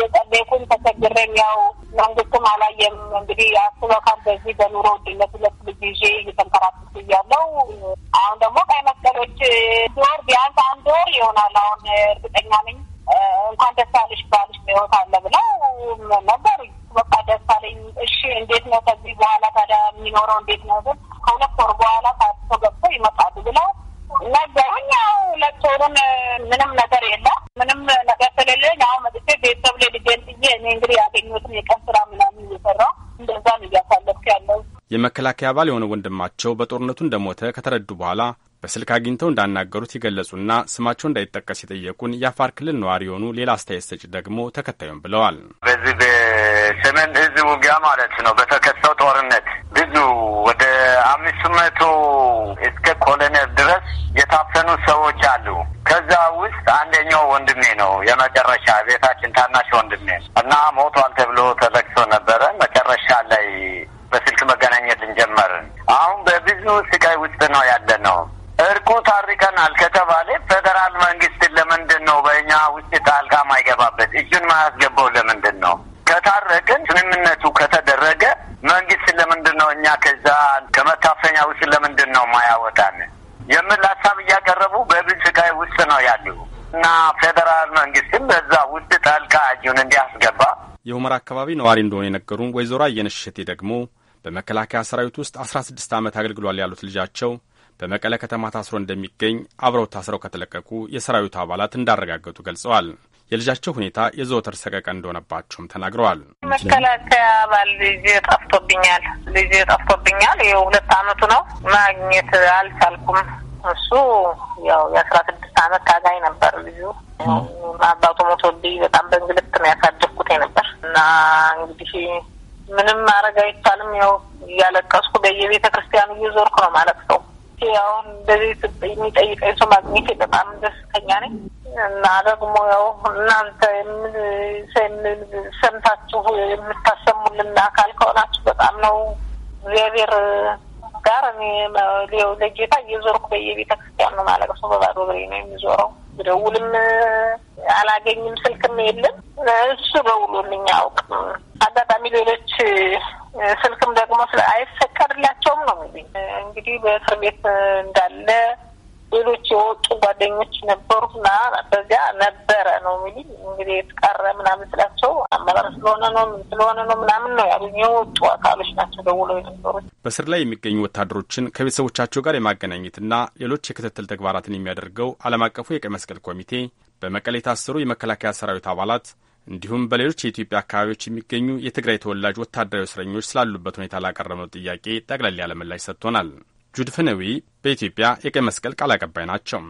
የጸለይኩኝ ተቸግሬም ያው መንግስትም አላየም እንግዲህ አስበካል። በዚህ በኑሮ ውድነት ሁለት ልጅ ይዤ እየተንከራተትኩ እያለሁ አሁን ደግሞ ቀይ መስቀሎች ወር ቢያንስ አንድ ወር ይሆናል አሁን እርግጠኛ ነኝ እንኳን ደስ አለሽ ባልሽ ሕይወት አለ ብለው ነገሩኝ። በቃ ደስ አለኝ። እሺ እንዴት ነው ከዚህ በኋላ ታዲያ የሚኖረው እንዴት ነው ግን ከሁለት ወር በኋላ ታቶ ገብቶ ይመጣሉ ብለው ነገሩኝ። ያው ምንም ነገር የለም ምንም ነገር ስለሌለኝ አሁን መጥቼ ቤተሰብ ላይ ልጄን እኔ እንግዲህ ያገኘሁትን የቀን ስራ ምናምን እየሰራሁ እንደዛ ነው እያሳለፍኩ ያለው። የመከላከያ አባል የሆነ ወንድማቸው በጦርነቱ እንደሞተ ከተረዱ በኋላ በስልክ አግኝተው እንዳናገሩት የገለጹና ስማቸው እንዳይጠቀስ የጠየቁን የአፋር ክልል ነዋሪ የሆኑ ሌላ አስተያየት ሰጭ ደግሞ ተከታዩም ብለዋል። በዚህ በሰሜን እዝ ውጊያ ማለት ነው በተከሰው ጦርነት ብዙ ወደ አምስት መቶ እስከ ኮሎኔል ድረስ የታፈኑ ሰዎች አሉ። ከዛ ውስጥ አንደኛው ወንድሜ ነው የመጨረሻ ቤታችን ታናሽ ወንድሜ እና ሞቷል ተብሎ ተለቅሶ ነበረ። መጨረሻ ላይ በስልክ መገናኘት እንጀመርን። አሁን በብዙ ስቃይ ውስጥ ነው ያለ ነው እርቁ ታርቀናል ከተባለ ፌዴራል መንግስትን ለምንድን ነው በእኛ ውስጥ ጣልቃ ማይገባበት? እጁን ማያስገባው ለምንድን ነው? ከታረቅን ስምምነቱ ከተደረገ መንግስት ለምንድን ነው እኛ ከዛ ከመታፈኛ ውስጥ ለምንድን ነው ማያወጣን? የሚል ሀሳብ እያቀረቡ በብዙ ስቃይ ውስጥ ነው ያሉ እና ፌዴራል መንግስትም በዛ ውስጥ ጣልቃ እጁን እንዲያስገባ የሁመራ አካባቢ ነዋሪ እንደሆነ የነገሩን ወይዘሮ አየነሸቴ ደግሞ በመከላከያ ሰራዊት ውስጥ አስራ ስድስት ዓመት አገልግሏል ያሉት ልጃቸው በመቀለ ከተማ ታስሮ እንደሚገኝ አብረው ታስረው ከተለቀቁ የሰራዊቱ አባላት እንዳረጋገጡ ገልጸዋል። የልጃቸው ሁኔታ የዘወትር ሰቀቀ እንደሆነባቸውም ተናግረዋል። መከላከያ አባል ልጅ ጠፍቶብኛል፣ ልጅ ጠፍቶብኛል፣ ሁለት አመቱ ነው፣ ማግኘት አልቻልኩም። እሱ ያው የአስራ ስድስት አመት ታጋይ ነበር ልጁ። አባቱ ሞቶብኝ በጣም በእንግልት ነው ያሳደግኩት ነበር እና እንግዲህ ምንም ማድረግ አይቻልም። ያው እያለቀስኩ በየቤተ ክርስቲያኑ እየዞርኩ ነው ማለት ሰው አሁን እንደዚህ የሚጠይቀኝ ሰው ማግኘት በጣም ደስተኛ ነኝ እና ደግሞ ያው እናንተ ሰምታችሁ የምታሰሙልን አካል ከሆናችሁ በጣም ነው እግዚአብሔር ጋር እኔ ለጌታ እየዞርኩ በየቤተ ክርስቲያን ነው ማለቅ ሰው በባዶ እግሬ ነው የሚዞረው ደውልም አላገኝም፣ ስልክም የለም። እሱ ደውሎልኝ አያውቅም። አጋጣሚ ሌሎች ስልክም ደግሞ አይፈቀድላቸውም ነው እንግዲህ በእስር ቤት እንዳለ ሌሎች የወጡ ጓደኞች ነበሩና በዚያ ነበረ ነው እንግዲህ እንግዲህ የተቀረ ምናምን ስላቸው አመራር ስለሆነ ነው ስለሆነ ነው ምናምን ነው ያሉ የወጡ አካሎች ናቸው ደውለው የነበሩት። በስር ላይ የሚገኙ ወታደሮችን ከቤተሰቦቻቸው ጋር የማገናኘትና ሌሎች የክትትል ተግባራትን የሚያደርገው ዓለም አቀፉ የቀይ መስቀል ኮሚቴ በመቀሌ የታሰሩ የመከላከያ ሰራዊት አባላት እንዲሁም በሌሎች የኢትዮጵያ አካባቢዎች የሚገኙ የትግራይ ተወላጅ ወታደራዊ እስረኞች ስላሉበት ሁኔታ ላቀረብነው ጥያቄ ጠቅለል ያለ ምላሽ ሰጥቶናል። ጁድፍነዊ በኢትዮጵያ የቀይ መስቀል ቃል አቀባይ ናቸው።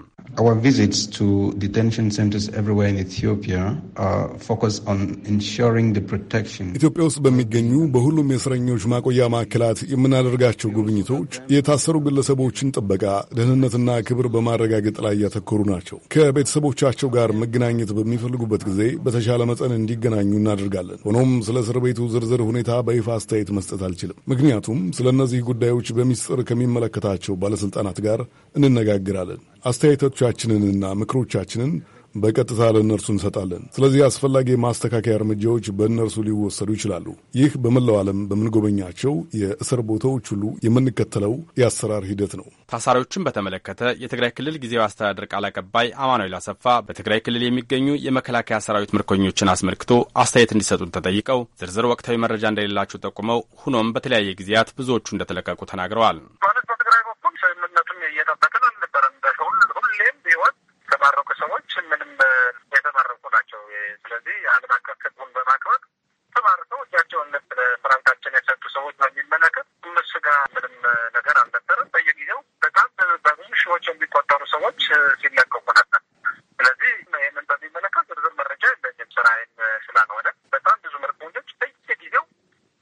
ኢትዮጵያ ውስጥ በሚገኙ በሁሉም የእስረኞች ማቆያ ማዕከላት የምናደርጋቸው ጉብኝቶች የታሰሩ ግለሰቦችን ጥበቃ፣ ደህንነትና ክብር በማረጋገጥ ላይ ያተኮሩ ናቸው። ከቤተሰቦቻቸው ጋር መገናኘት በሚፈልጉበት ጊዜ በተሻለ መጠን እንዲገናኙ እናደርጋለን። ሆኖም ስለ እስር ቤቱ ዝርዝር ሁኔታ በይፋ አስተያየት መስጠት አልችልም። ምክንያቱም ስለ እነዚህ ጉዳዮች በሚስጥር ከሚመለከታቸው ባለስልጣ ባለሥልጣናት ጋር እንነጋግራለን። አስተያየቶቻችንንና ምክሮቻችንን በቀጥታ ለእነርሱ እንሰጣለን። ስለዚህ አስፈላጊ የማስተካከያ እርምጃዎች በእነርሱ ሊወሰዱ ይችላሉ። ይህ በመላው ዓለም በምንጎበኛቸው የእስር ቦታዎች ሁሉ የምንከተለው የአሰራር ሂደት ነው። ታሳሪዎችን በተመለከተ የትግራይ ክልል ጊዜያዊ አስተዳደር ቃል አቀባይ አማኑኤል አሰፋ በትግራይ ክልል የሚገኙ የመከላከያ ሰራዊት ምርኮኞችን አስመልክቶ አስተያየት እንዲሰጡን ተጠይቀው ዝርዝር ወቅታዊ መረጃ እንደሌላቸው ጠቁመው ሆኖም በተለያየ ጊዜያት ብዙዎቹ እንደተለቀቁ ተናግረዋል። ሁሌም ቢሆን የተማረኩ ሰዎች ምንም የተማረኩ ናቸው። ስለዚህ ዓለም አቀፍ ሕጉን በማክበር ተማርተው እጃቸውን ለሰራዊታችን የሰጡ ሰዎች በሚመለከት እነሱ ጋር ምንም ነገር አልነበረም። በየጊዜው በጣም በብዙ ሺዎች የሚቆጠሩ ሰዎች ሲለቀቁ ነበር። ስለዚህ ይህንን በሚመለከት ዝርዝር መረጃ የለኝም ስራዬን ስላልሆነ በጣም ብዙ ምርኮኞች በየጊዜው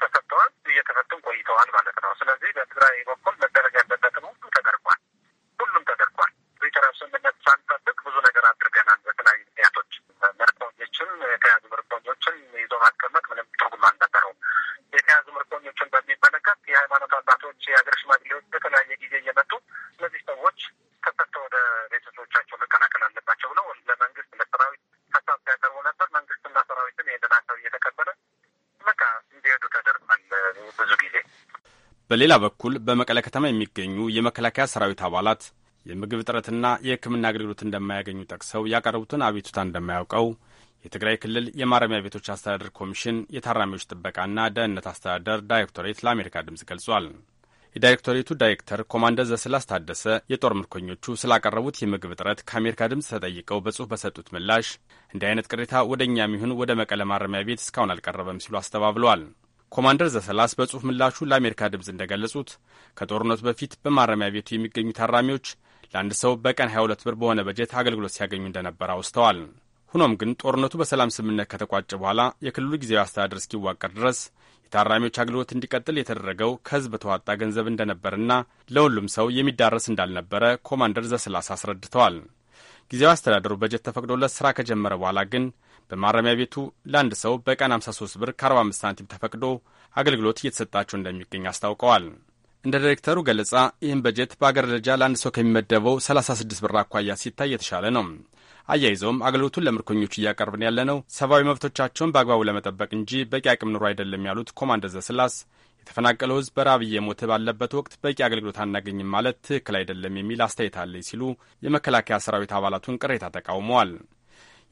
ተፈተዋል፣ እየተፈቱም ቆይተዋል ማለት ነው። ስለዚህ በትግራይ በኩል መደረግ ያለበት የተያዙ ምርኮኞችን ይዞ ማስቀመጥ ምንም ትርጉም አልነበረው የተያዙ ምርኮኞችን በሚመለከት የሃይማኖት አባቶች፣ የሀገር ሽማግሌዎች በተለያየ ጊዜ እየመጡ እነዚህ ሰዎች ተፈተው ወደ ቤተሰቦቻቸው መቀናቀል አለባቸው ብለው ለመንግስት ለሰራዊት ሀሳብ ሲያቀርቡ ነበር። መንግስትና ሰራዊትም ይህንን ሀሳብ እየተቀበለ በቃ እንዲሄዱ ተደርጓል። ብዙ ጊዜ በሌላ በኩል በመቀለ ከተማ የሚገኙ የመከላከያ ሰራዊት አባላት የምግብ እጥረትና የሕክምና አገልግሎት እንደማያገኙ ጠቅሰው ያቀረቡትን አቤቱታ እንደማያውቀው የትግራይ ክልል የማረሚያ ቤቶች አስተዳደር ኮሚሽን የታራሚዎች ጥበቃና ደህንነት አስተዳደር ዳይሬክቶሬት ለአሜሪካ ድምፅ ገልጿል። የዳይሬክቶሬቱ ዳይሬክተር ኮማንደር ዘስላስ ታደሰ የጦር ምርኮኞቹ ስላቀረቡት የምግብ እጥረት ከአሜሪካ ድምፅ ተጠይቀው በጽሁፍ በሰጡት ምላሽ እንዲህ አይነት ቅሬታ ወደ እኛም ይሁን ወደ መቀለ ማረሚያ ቤት እስካሁን አልቀረበም ሲሉ አስተባብለዋል። ኮማንደር ዘሰላስ በጽሁፍ ምላሹ ለአሜሪካ ድምፅ እንደገለጹት ከጦርነቱ በፊት በማረሚያ ቤቱ የሚገኙ ታራሚዎች ለአንድ ሰው በቀን 22 ብር በሆነ በጀት አገልግሎት ሲያገኙ እንደነበር አውስተዋል። ሆኖም ግን ጦርነቱ በሰላም ስምምነት ከተቋጨ በኋላ የክልሉ ጊዜያዊ አስተዳደር እስኪዋቀር ድረስ የታራሚዎች አገልግሎት እንዲቀጥል የተደረገው ከህዝብ በተዋጣ ገንዘብ እንደነበርና ለሁሉም ሰው የሚዳረስ እንዳልነበረ ኮማንደር ዘስላሳ አስረድተዋል። ጊዜያዊ አስተዳደሩ በጀት ተፈቅዶለት ስራ ከጀመረ በኋላ ግን በማረሚያ ቤቱ ለአንድ ሰው በቀን 53 ብር ከ45 ሳንቲም ተፈቅዶ አገልግሎት እየተሰጣቸው እንደሚገኝ አስታውቀዋል። እንደ ዲሬክተሩ ገለጻ ይህም በጀት በአገር ደረጃ ለአንድ ሰው ከሚመደበው 36 ብር አኳያ ሲታይ የተሻለ ነው። አያይዘውም አገልግሎቱን ለምርኮኞቹ እያቀርብን ያለነው ሰብአዊ መብቶቻቸውን በአግባቡ ለመጠበቅ እንጂ በቂ አቅም ኑሮ አይደለም ያሉት ኮማንደር ዘስላስ የተፈናቀለው ሕዝብ በራብ እየሞተ ባለበት ወቅት በቂ አገልግሎት አናገኝም ማለት ትክክል አይደለም የሚል አስተያየት አለኝ ሲሉ የመከላከያ ሰራዊት አባላቱን ቅሬታ ተቃውመዋል።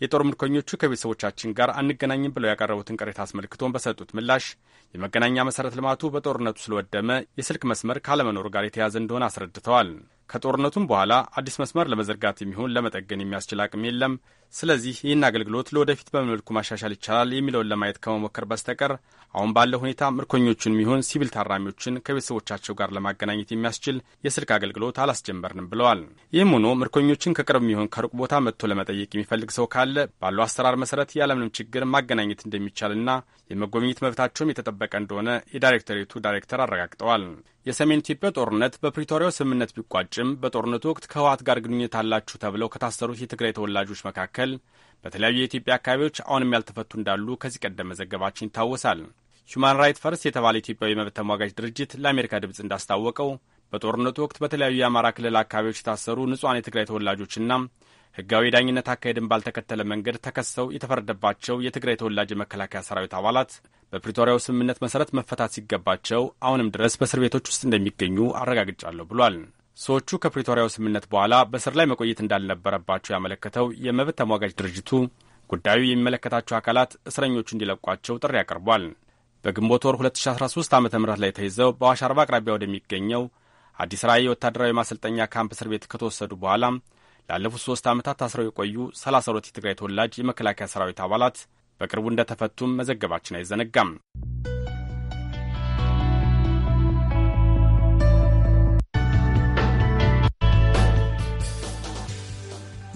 የጦር ምርኮኞቹ ከቤተሰቦቻችን ጋር አንገናኝም ብለው ያቀረቡትን ቅሬታ አስመልክቶን በሰጡት ምላሽ የመገናኛ መሠረተ ልማቱ በጦርነቱ ስለወደመ የስልክ መስመር ካለመኖሩ ጋር የተያዘ እንደሆነ አስረድተዋል። ከጦርነቱም በኋላ አዲስ መስመር ለመዘርጋት የሚሆን ለመጠገን የሚያስችል አቅም የለም። ስለዚህ ይህን አገልግሎት ለወደፊት በምን መልኩ ማሻሻል ይቻላል የሚለውን ለማየት ከመሞከር በስተቀር አሁን ባለው ሁኔታ ምርኮኞቹን የሚሆን ሲቪል ታራሚዎችን ከቤተሰቦቻቸው ጋር ለማገናኘት የሚያስችል የስልክ አገልግሎት አላስጀመርንም ብለዋል። ይህም ሆኖ ምርኮኞችን ከቅርብ የሚሆን ከሩቅ ቦታ መጥቶ ለመጠየቅ የሚፈልግ ሰው ካለ ባለው አሰራር መሰረት ያለምንም ችግር ማገናኘት እንደሚቻልና የመጎብኘት መብታቸውም የተጠበቀ እንደሆነ የዳይሬክቶሬቱ ዳይሬክተር አረጋግጠዋል። የሰሜን ኢትዮጵያ ጦርነት በፕሪቶሪያው ስምምነት ቢቋጭም በጦርነቱ ወቅት ከህወሓት ጋር ግንኙነት አላችሁ ተብለው ከታሰሩት የትግራይ ተወላጆች መካከል በተለያዩ የኢትዮጵያ አካባቢዎች አሁንም ያልተፈቱ እንዳሉ ከዚህ ቀደም መዘገባችን ይታወሳል። ሁማን ራይት ፈርስት የተባለ ኢትዮጵያዊ መብት ተሟጋጅ ድርጅት ለአሜሪካ ድምፅ እንዳስታወቀው በጦርነቱ ወቅት በተለያዩ የአማራ ክልል አካባቢዎች የታሰሩ ንጹሐን የትግራይ ተወላጆችና ህጋዊ የዳኝነት አካሄድን ባልተከተለ መንገድ ተከሰው የተፈረደባቸው የትግራይ ተወላጅ የመከላከያ ሰራዊት አባላት በፕሪቶሪያው ስምምነት መሰረት መፈታት ሲገባቸው አሁንም ድረስ በእስር ቤቶች ውስጥ እንደሚገኙ አረጋግጫለሁ ብሏል። ሰዎቹ ከፕሪቶሪያው ስምምነት በኋላ በስር ላይ መቆየት እንዳልነበረባቸው ያመለከተው የመብት ተሟጋጅ ድርጅቱ ጉዳዩ የሚመለከታቸው አካላት እስረኞቹ እንዲለቋቸው ጥሪ አቅርቧል። በግንቦት ወር 2013 ዓ ም ላይ ተይዘው በዋሻ አርባ አቅራቢያ ወደሚገኘው አዲስ ራእይ ወታደራዊ ማሰልጠኛ ካምፕ እስር ቤት ከተወሰዱ በኋላ ላለፉት ሶስት ዓመታት ታስረው የቆዩ 32 የትግራይ ተወላጅ የመከላከያ ሰራዊት አባላት በቅርቡ እንደተፈቱም መዘገባችን አይዘነጋም።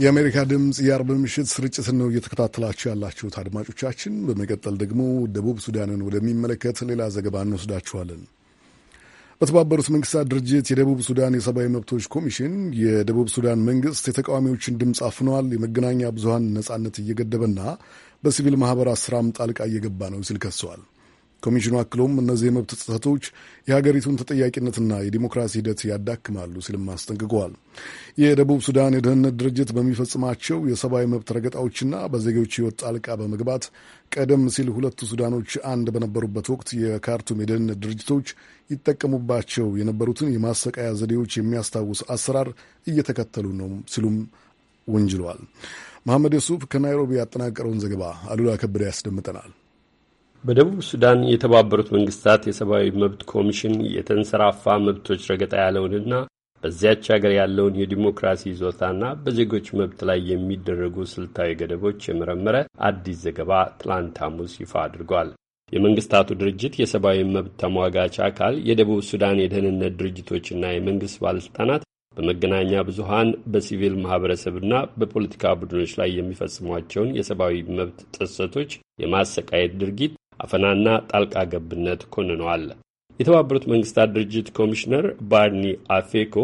የአሜሪካ ድምፅ የአርብ ምሽት ስርጭትን ነው እየተከታተላችሁ ያላችሁት አድማጮቻችን። በመቀጠል ደግሞ ደቡብ ሱዳንን ወደሚመለከት ሌላ ዘገባ እንወስዳችኋለን። በተባበሩት መንግስታት ድርጅት የደቡብ ሱዳን የሰብአዊ መብቶች ኮሚሽን የደቡብ ሱዳን መንግስት የተቃዋሚዎችን ድምፅ አፍኗል፣ የመገናኛ ብዙሀን ነጻነት እየገደበና በሲቪል ማህበራት ስራም ጣልቃ እየገባ ነው ሲል ከሰዋል። ኮሚሽኑ አክሎም እነዚህ የመብት ጥሰቶች የሀገሪቱን ተጠያቂነትና የዲሞክራሲ ሂደት ያዳክማሉ ሲልም አስጠንቅቀዋል። የደቡብ ሱዳን የደህንነት ድርጅት በሚፈጽማቸው የሰብአዊ መብት ረገጣዎችና በዜጎች ህይወት ጣልቃ በመግባት ቀደም ሲል ሁለቱ ሱዳኖች አንድ በነበሩበት ወቅት የካርቱም የደህንነት ድርጅቶች ይጠቀሙባቸው የነበሩትን የማሰቃያ ዘዴዎች የሚያስታውስ አሰራር እየተከተሉ ነው ሲሉም ወንጅለዋል። መሐመድ የሱፍ ከናይሮቢ ያጠናቀረውን ዘገባ አሉላ ከበደ ያስደምጠናል። በደቡብ ሱዳን የተባበሩት መንግስታት የሰብአዊ መብት ኮሚሽን የተንሰራፋ መብቶች ረገጣ ያለውንና በዚያች ሀገር ያለውን የዲሞክራሲ ይዞታና በዜጎች መብት ላይ የሚደረጉ ስልታዊ ገደቦች የመረመረ አዲስ ዘገባ ትላንት ሐሙስ ይፋ አድርጓል። የመንግስታቱ ድርጅት የሰብአዊ መብት ተሟጋች አካል የደቡብ ሱዳን የደህንነት ድርጅቶችና የመንግስት ባለሥልጣናት በመገናኛ ብዙሃን፣ በሲቪል ማህበረሰብና በፖለቲካ ቡድኖች ላይ የሚፈጽሟቸውን የሰብአዊ መብት ጥሰቶች፣ የማሰቃየት ድርጊት አፈናና ጣልቃ ገብነት ኮንነዋል። የተባበሩት መንግስታት ድርጅት ኮሚሽነር ባርኒ አፌኮ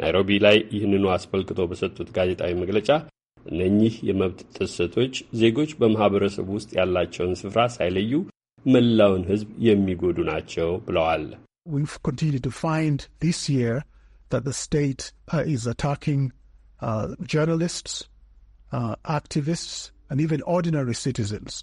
ናይሮቢ ላይ ይህንኑ አስመልክቶ በሰጡት ጋዜጣዊ መግለጫ እነኚህ የመብት ጥሰቶች ዜጎች በማህበረሰብ ውስጥ ያላቸውን ስፍራ ሳይለዩ መላውን ሕዝብ የሚጎዱ ናቸው ብለዋል። ጆርናሊስትስ፣ አክቲቪስትስ ኢቨን ኦርዲናሪ ሲቲዘንስ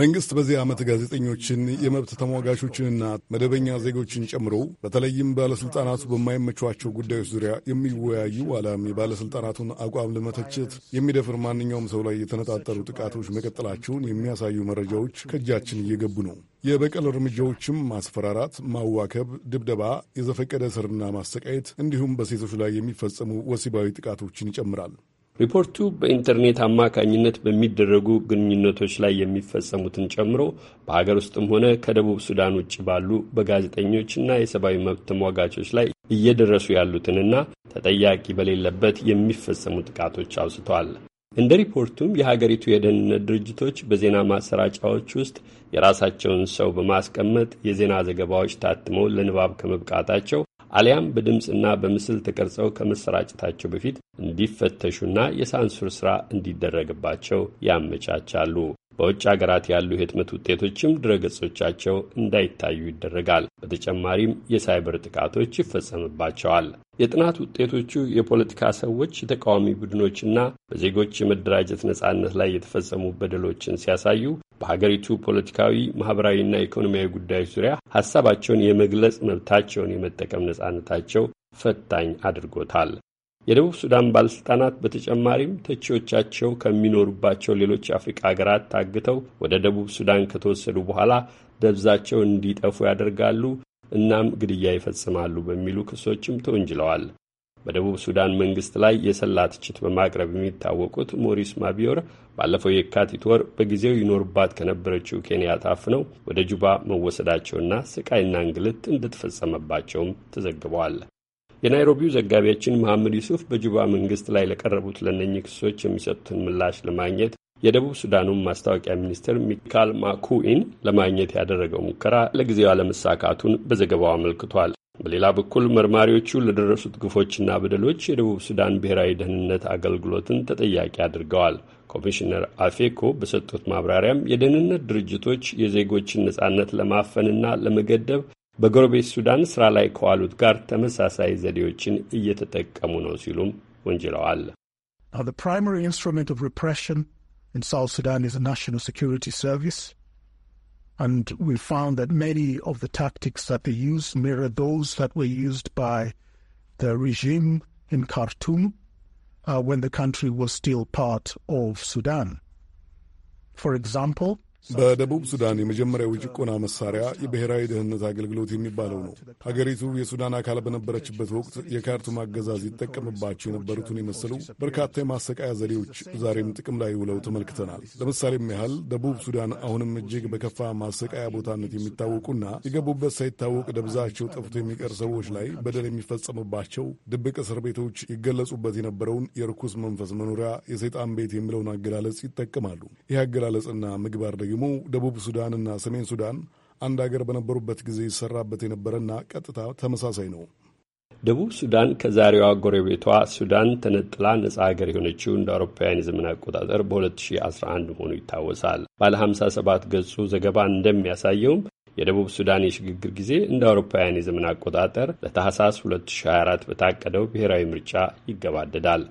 መንግስት በዚህ ዓመት ጋዜጠኞችን የመብት ተሟጋቾችንና መደበኛ ዜጎችን ጨምሮ በተለይም ባለሥልጣናቱ በማይመቿቸው ጉዳዮች ዙሪያ የሚወያዩ አሊያም የባለሥልጣናቱን አቋም ለመተቸት የሚደፍር ማንኛውም ሰው ላይ የተነጣጠሩ ጥቃቶች መቀጠላቸውን የሚያሳዩ መረጃዎች ከእጃችን እየገቡ ነው። የበቀል እርምጃዎችም ማስፈራራት፣ ማዋከብ፣ ድብደባ፣ የዘፈቀደ እስርና ማሰቃየት እንዲሁም በሴቶች ላይ የሚፈጸሙ ወሲባዊ ጥቃቶችን ይጨምራል። ሪፖርቱ በኢንተርኔት አማካኝነት በሚደረጉ ግንኙነቶች ላይ የሚፈጸሙትን ጨምሮ በሀገር ውስጥም ሆነ ከደቡብ ሱዳን ውጭ ባሉ በጋዜጠኞችና የሰብአዊ መብት ተሟጋቾች ላይ እየደረሱ ያሉትንና ተጠያቂ በሌለበት የሚፈጸሙ ጥቃቶች አውስተዋል። እንደ ሪፖርቱም የሀገሪቱ የደህንነት ድርጅቶች በዜና ማሰራጫዎች ውስጥ የራሳቸውን ሰው በማስቀመጥ የዜና ዘገባዎች ታትመው ለንባብ ከመብቃታቸው አሊያም በድምፅና በምስል ተቀርጸው ከመሰራጨታቸው በፊት እንዲፈተሹና የሳንሱር ስራ እንዲደረግባቸው ያመቻቻሉ። በውጭ ሀገራት ያሉ የህትመት ውጤቶችም ድረገጾቻቸው እንዳይታዩ ይደረጋል። በተጨማሪም የሳይበር ጥቃቶች ይፈጸምባቸዋል። የጥናት ውጤቶቹ የፖለቲካ ሰዎች፣ የተቃዋሚ ቡድኖችና በዜጎች የመደራጀት ነጻነት ላይ የተፈጸሙ በደሎችን ሲያሳዩ በሀገሪቱ ፖለቲካዊ፣ ማህበራዊና ኢኮኖሚያዊ ጉዳዮች ዙሪያ ሀሳባቸውን የመግለጽ መብታቸውን የመጠቀም ነጻነታቸው ፈታኝ አድርጎታል። የደቡብ ሱዳን ባለሥልጣናት በተጨማሪም ተቺዎቻቸው ከሚኖሩባቸው ሌሎች የአፍሪቃ ሀገራት ታግተው ወደ ደቡብ ሱዳን ከተወሰዱ በኋላ ደብዛቸው እንዲጠፉ ያደርጋሉ እናም ግድያ ይፈጽማሉ በሚሉ ክሶችም ተወንጅለዋል። በደቡብ ሱዳን መንግስት ላይ የሰላ ትችት በማቅረብ የሚታወቁት ሞሪስ ማቢዮር ባለፈው የካቲት ወር በጊዜው ይኖሩባት ከነበረችው ኬንያ ታፍነው ወደ ጁባ መወሰዳቸውና ስቃይና እንግልት እንደተፈጸመባቸውም ተዘግበዋል። የናይሮቢው ዘጋቢያችን መሐመድ ዩሱፍ በጁባ መንግስት ላይ ለቀረቡት ለነኚህ ክሶች የሚሰጡትን ምላሽ ለማግኘት የደቡብ ሱዳኑን ማስታወቂያ ሚኒስትር ሚካል ማኩኢን ለማግኘት ያደረገው ሙከራ ለጊዜው አለመሳካቱን በዘገባው አመልክቷል። በሌላ በኩል መርማሪዎቹ ለደረሱት ግፎችና በደሎች የደቡብ ሱዳን ብሔራዊ ደህንነት አገልግሎትን ተጠያቂ አድርገዋል። ኮሚሽነር አፌኮ በሰጡት ማብራሪያም የደህንነት ድርጅቶች የዜጎችን ነጻነት ለማፈንና ለመገደብ Now the primary instrument of repression in South Sudan is the National Security Service. And we found that many of the tactics that they use mirror those that were used by the regime in Khartoum uh, when the country was still part of Sudan. For example, በደቡብ ሱዳን የመጀመሪያው የጭቆና መሳሪያ የብሔራዊ ደህንነት አገልግሎት የሚባለው ነው። ሀገሪቱ የሱዳን አካል በነበረችበት ወቅት የካርቱም አገዛዝ ይጠቀምባቸው የነበሩትን የመሰሉ በርካታ የማሰቃያ ዘዴዎች ዛሬም ጥቅም ላይ ውለው ተመልክተናል። ለምሳሌም ያህል ደቡብ ሱዳን አሁንም እጅግ በከፋ ማሰቃያ ቦታነት የሚታወቁና የገቡበት ሳይታወቅ ደብዛቸው ጠፍቶ የሚቀር ሰዎች ላይ በደል የሚፈጸምባቸው ድብቅ እስር ቤቶች ይገለጹበት የነበረውን የርኩስ መንፈስ መኖሪያ የሰይጣን ቤት የሚለውን አገላለጽ ይጠቀማሉ። ይህ አገላለጽና ምግባር ተሰይሞ ደቡብ ሱዳንና ሰሜን ሱዳን አንድ አገር በነበሩበት ጊዜ ይሰራበት የነበረና ቀጥታ ተመሳሳይ ነው። ደቡብ ሱዳን ከዛሬዋ ጎረቤቷ ሱዳን ተነጥላ ነጻ ሀገር የሆነችው እንደ አውሮፓውያን የዘመን አቆጣጠር በ2011 መሆኑ ይታወሳል። ባለ 57 ገጹ ዘገባ እንደሚያሳየውም የደቡብ ሱዳን የሽግግር ጊዜ እንደ አውሮፓውያን የዘመን አቆጣጠር ለታህሳስ 2024 በታቀደው ብሔራዊ ምርጫ ይገባደዳል።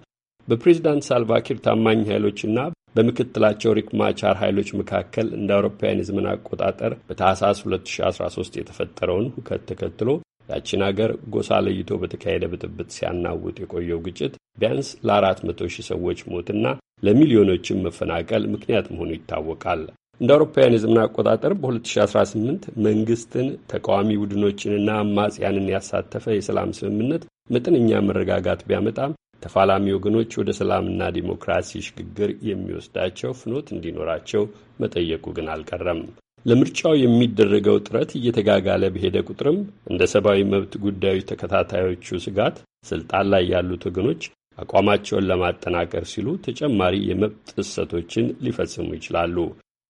በፕሬዝዳንት ሳልቫኪር ታማኝ ኃይሎችና በምክትላቸው ሪክ ማቻር ኃይሎች መካከል እንደ አውሮፓውያን የዘመን አቆጣጠር በታህሳስ 2013 የተፈጠረውን ሁከት ተከትሎ ያችን አገር ጎሳ ለይቶ በተካሄደ ብጥብጥ ሲያናውጥ የቆየው ግጭት ቢያንስ ለአራት መቶ ሺህ ሰዎች ሞትና ለሚሊዮኖችም መፈናቀል ምክንያት መሆኑ ይታወቃል። እንደ አውሮፓውያን የዘመን አቆጣጠር በ2018 መንግስትን፣ ተቃዋሚ ቡድኖችንና አማጽያንን ያሳተፈ የሰላም ስምምነት መጠነኛ መረጋጋት ቢያመጣም ተፋላሚ ወገኖች ወደ ሰላምና ዲሞክራሲ ሽግግር የሚወስዳቸው ፍኖት እንዲኖራቸው መጠየቁ ግን አልቀረም። ለምርጫው የሚደረገው ጥረት እየተጋጋለ በሄደ ቁጥርም እንደ ሰብአዊ መብት ጉዳዮች ተከታታዮቹ ስጋት ስልጣን ላይ ያሉት ወገኖች አቋማቸውን ለማጠናከር ሲሉ ተጨማሪ የመብት ጥሰቶችን ሊፈጽሙ ይችላሉ።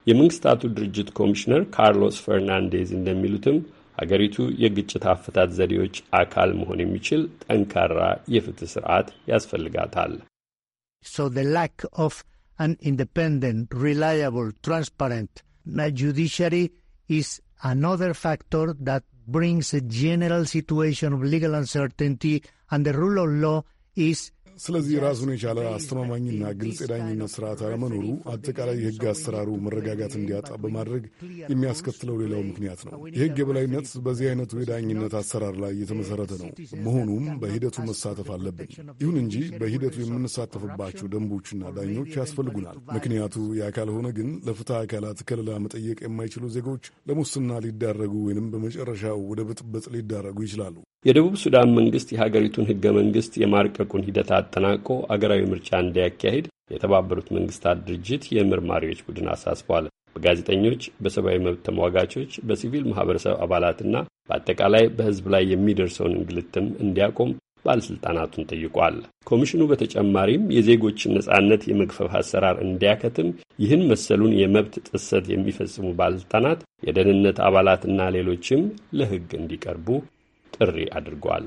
የመንግስታቱ ድርጅት ኮሚሽነር ካርሎስ ፈርናንዴዝ እንደሚሉትም አገሪቱ የግጭት አፈታት ዘዴዎች አካል መሆን የሚችል ጠንካራ የፍትህ ስርዓት ያስፈልጋታል። So the lack of an independent, reliable, transparent judiciary is another factor that brings a general situation of legal uncertainty and the rule of law is ስለዚህ ራሱን የቻለ አስተማማኝና ግልጽ የዳኝነት ስርዓት አለመኖሩ አጠቃላይ የህግ አሰራሩ መረጋጋት እንዲያጣ በማድረግ የሚያስከትለው ሌላው ምክንያት ነው። የህግ የበላይነት በዚህ አይነቱ የዳኝነት አሰራር ላይ የተመሰረተ ነው። መሆኑም በሂደቱ መሳተፍ አለብን። ይሁን እንጂ በሂደቱ የምንሳተፍባቸው ደንቦችና ዳኞች ያስፈልጉናል። ምክንያቱ ያ ካልሆነ ግን ለፍትህ አካላት ከለላ መጠየቅ የማይችሉ ዜጎች ለሙስና ሊዳረጉ ወይንም በመጨረሻው ወደ ብጥብጥ ሊዳረጉ ይችላሉ። የደቡብ ሱዳን መንግስት የሀገሪቱን ህገ መንግስት የማርቀቁን ሂደት አጠናቆ አገራዊ ምርጫ እንዲያካሂድ የተባበሩት መንግስታት ድርጅት የምርማሪዎች ቡድን አሳስቧል። በጋዜጠኞች፣ በሰብአዊ መብት ተሟጋቾች፣ በሲቪል ማህበረሰብ አባላትና በአጠቃላይ በህዝብ ላይ የሚደርሰውን እንግልትም እንዲያቆም ባለሥልጣናቱን ጠይቋል። ኮሚሽኑ በተጨማሪም የዜጎችን ነጻነት የመግፈፍ አሰራር እንዲያከትም ይህን መሰሉን የመብት ጥሰት የሚፈጽሙ ባለሥልጣናት፣ የደህንነት አባላትና ሌሎችም ለሕግ እንዲቀርቡ ጥሪ አድርጓል።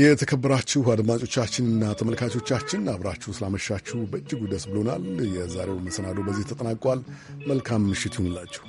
የተከበራችሁ አድማጮቻችንና ተመልካቾቻችን አብራችሁ ስላመሻችሁ በእጅጉ ደስ ብሎናል። የዛሬው መሰናዶ በዚህ ተጠናቋል። መልካም ምሽት ይሁንላችሁ።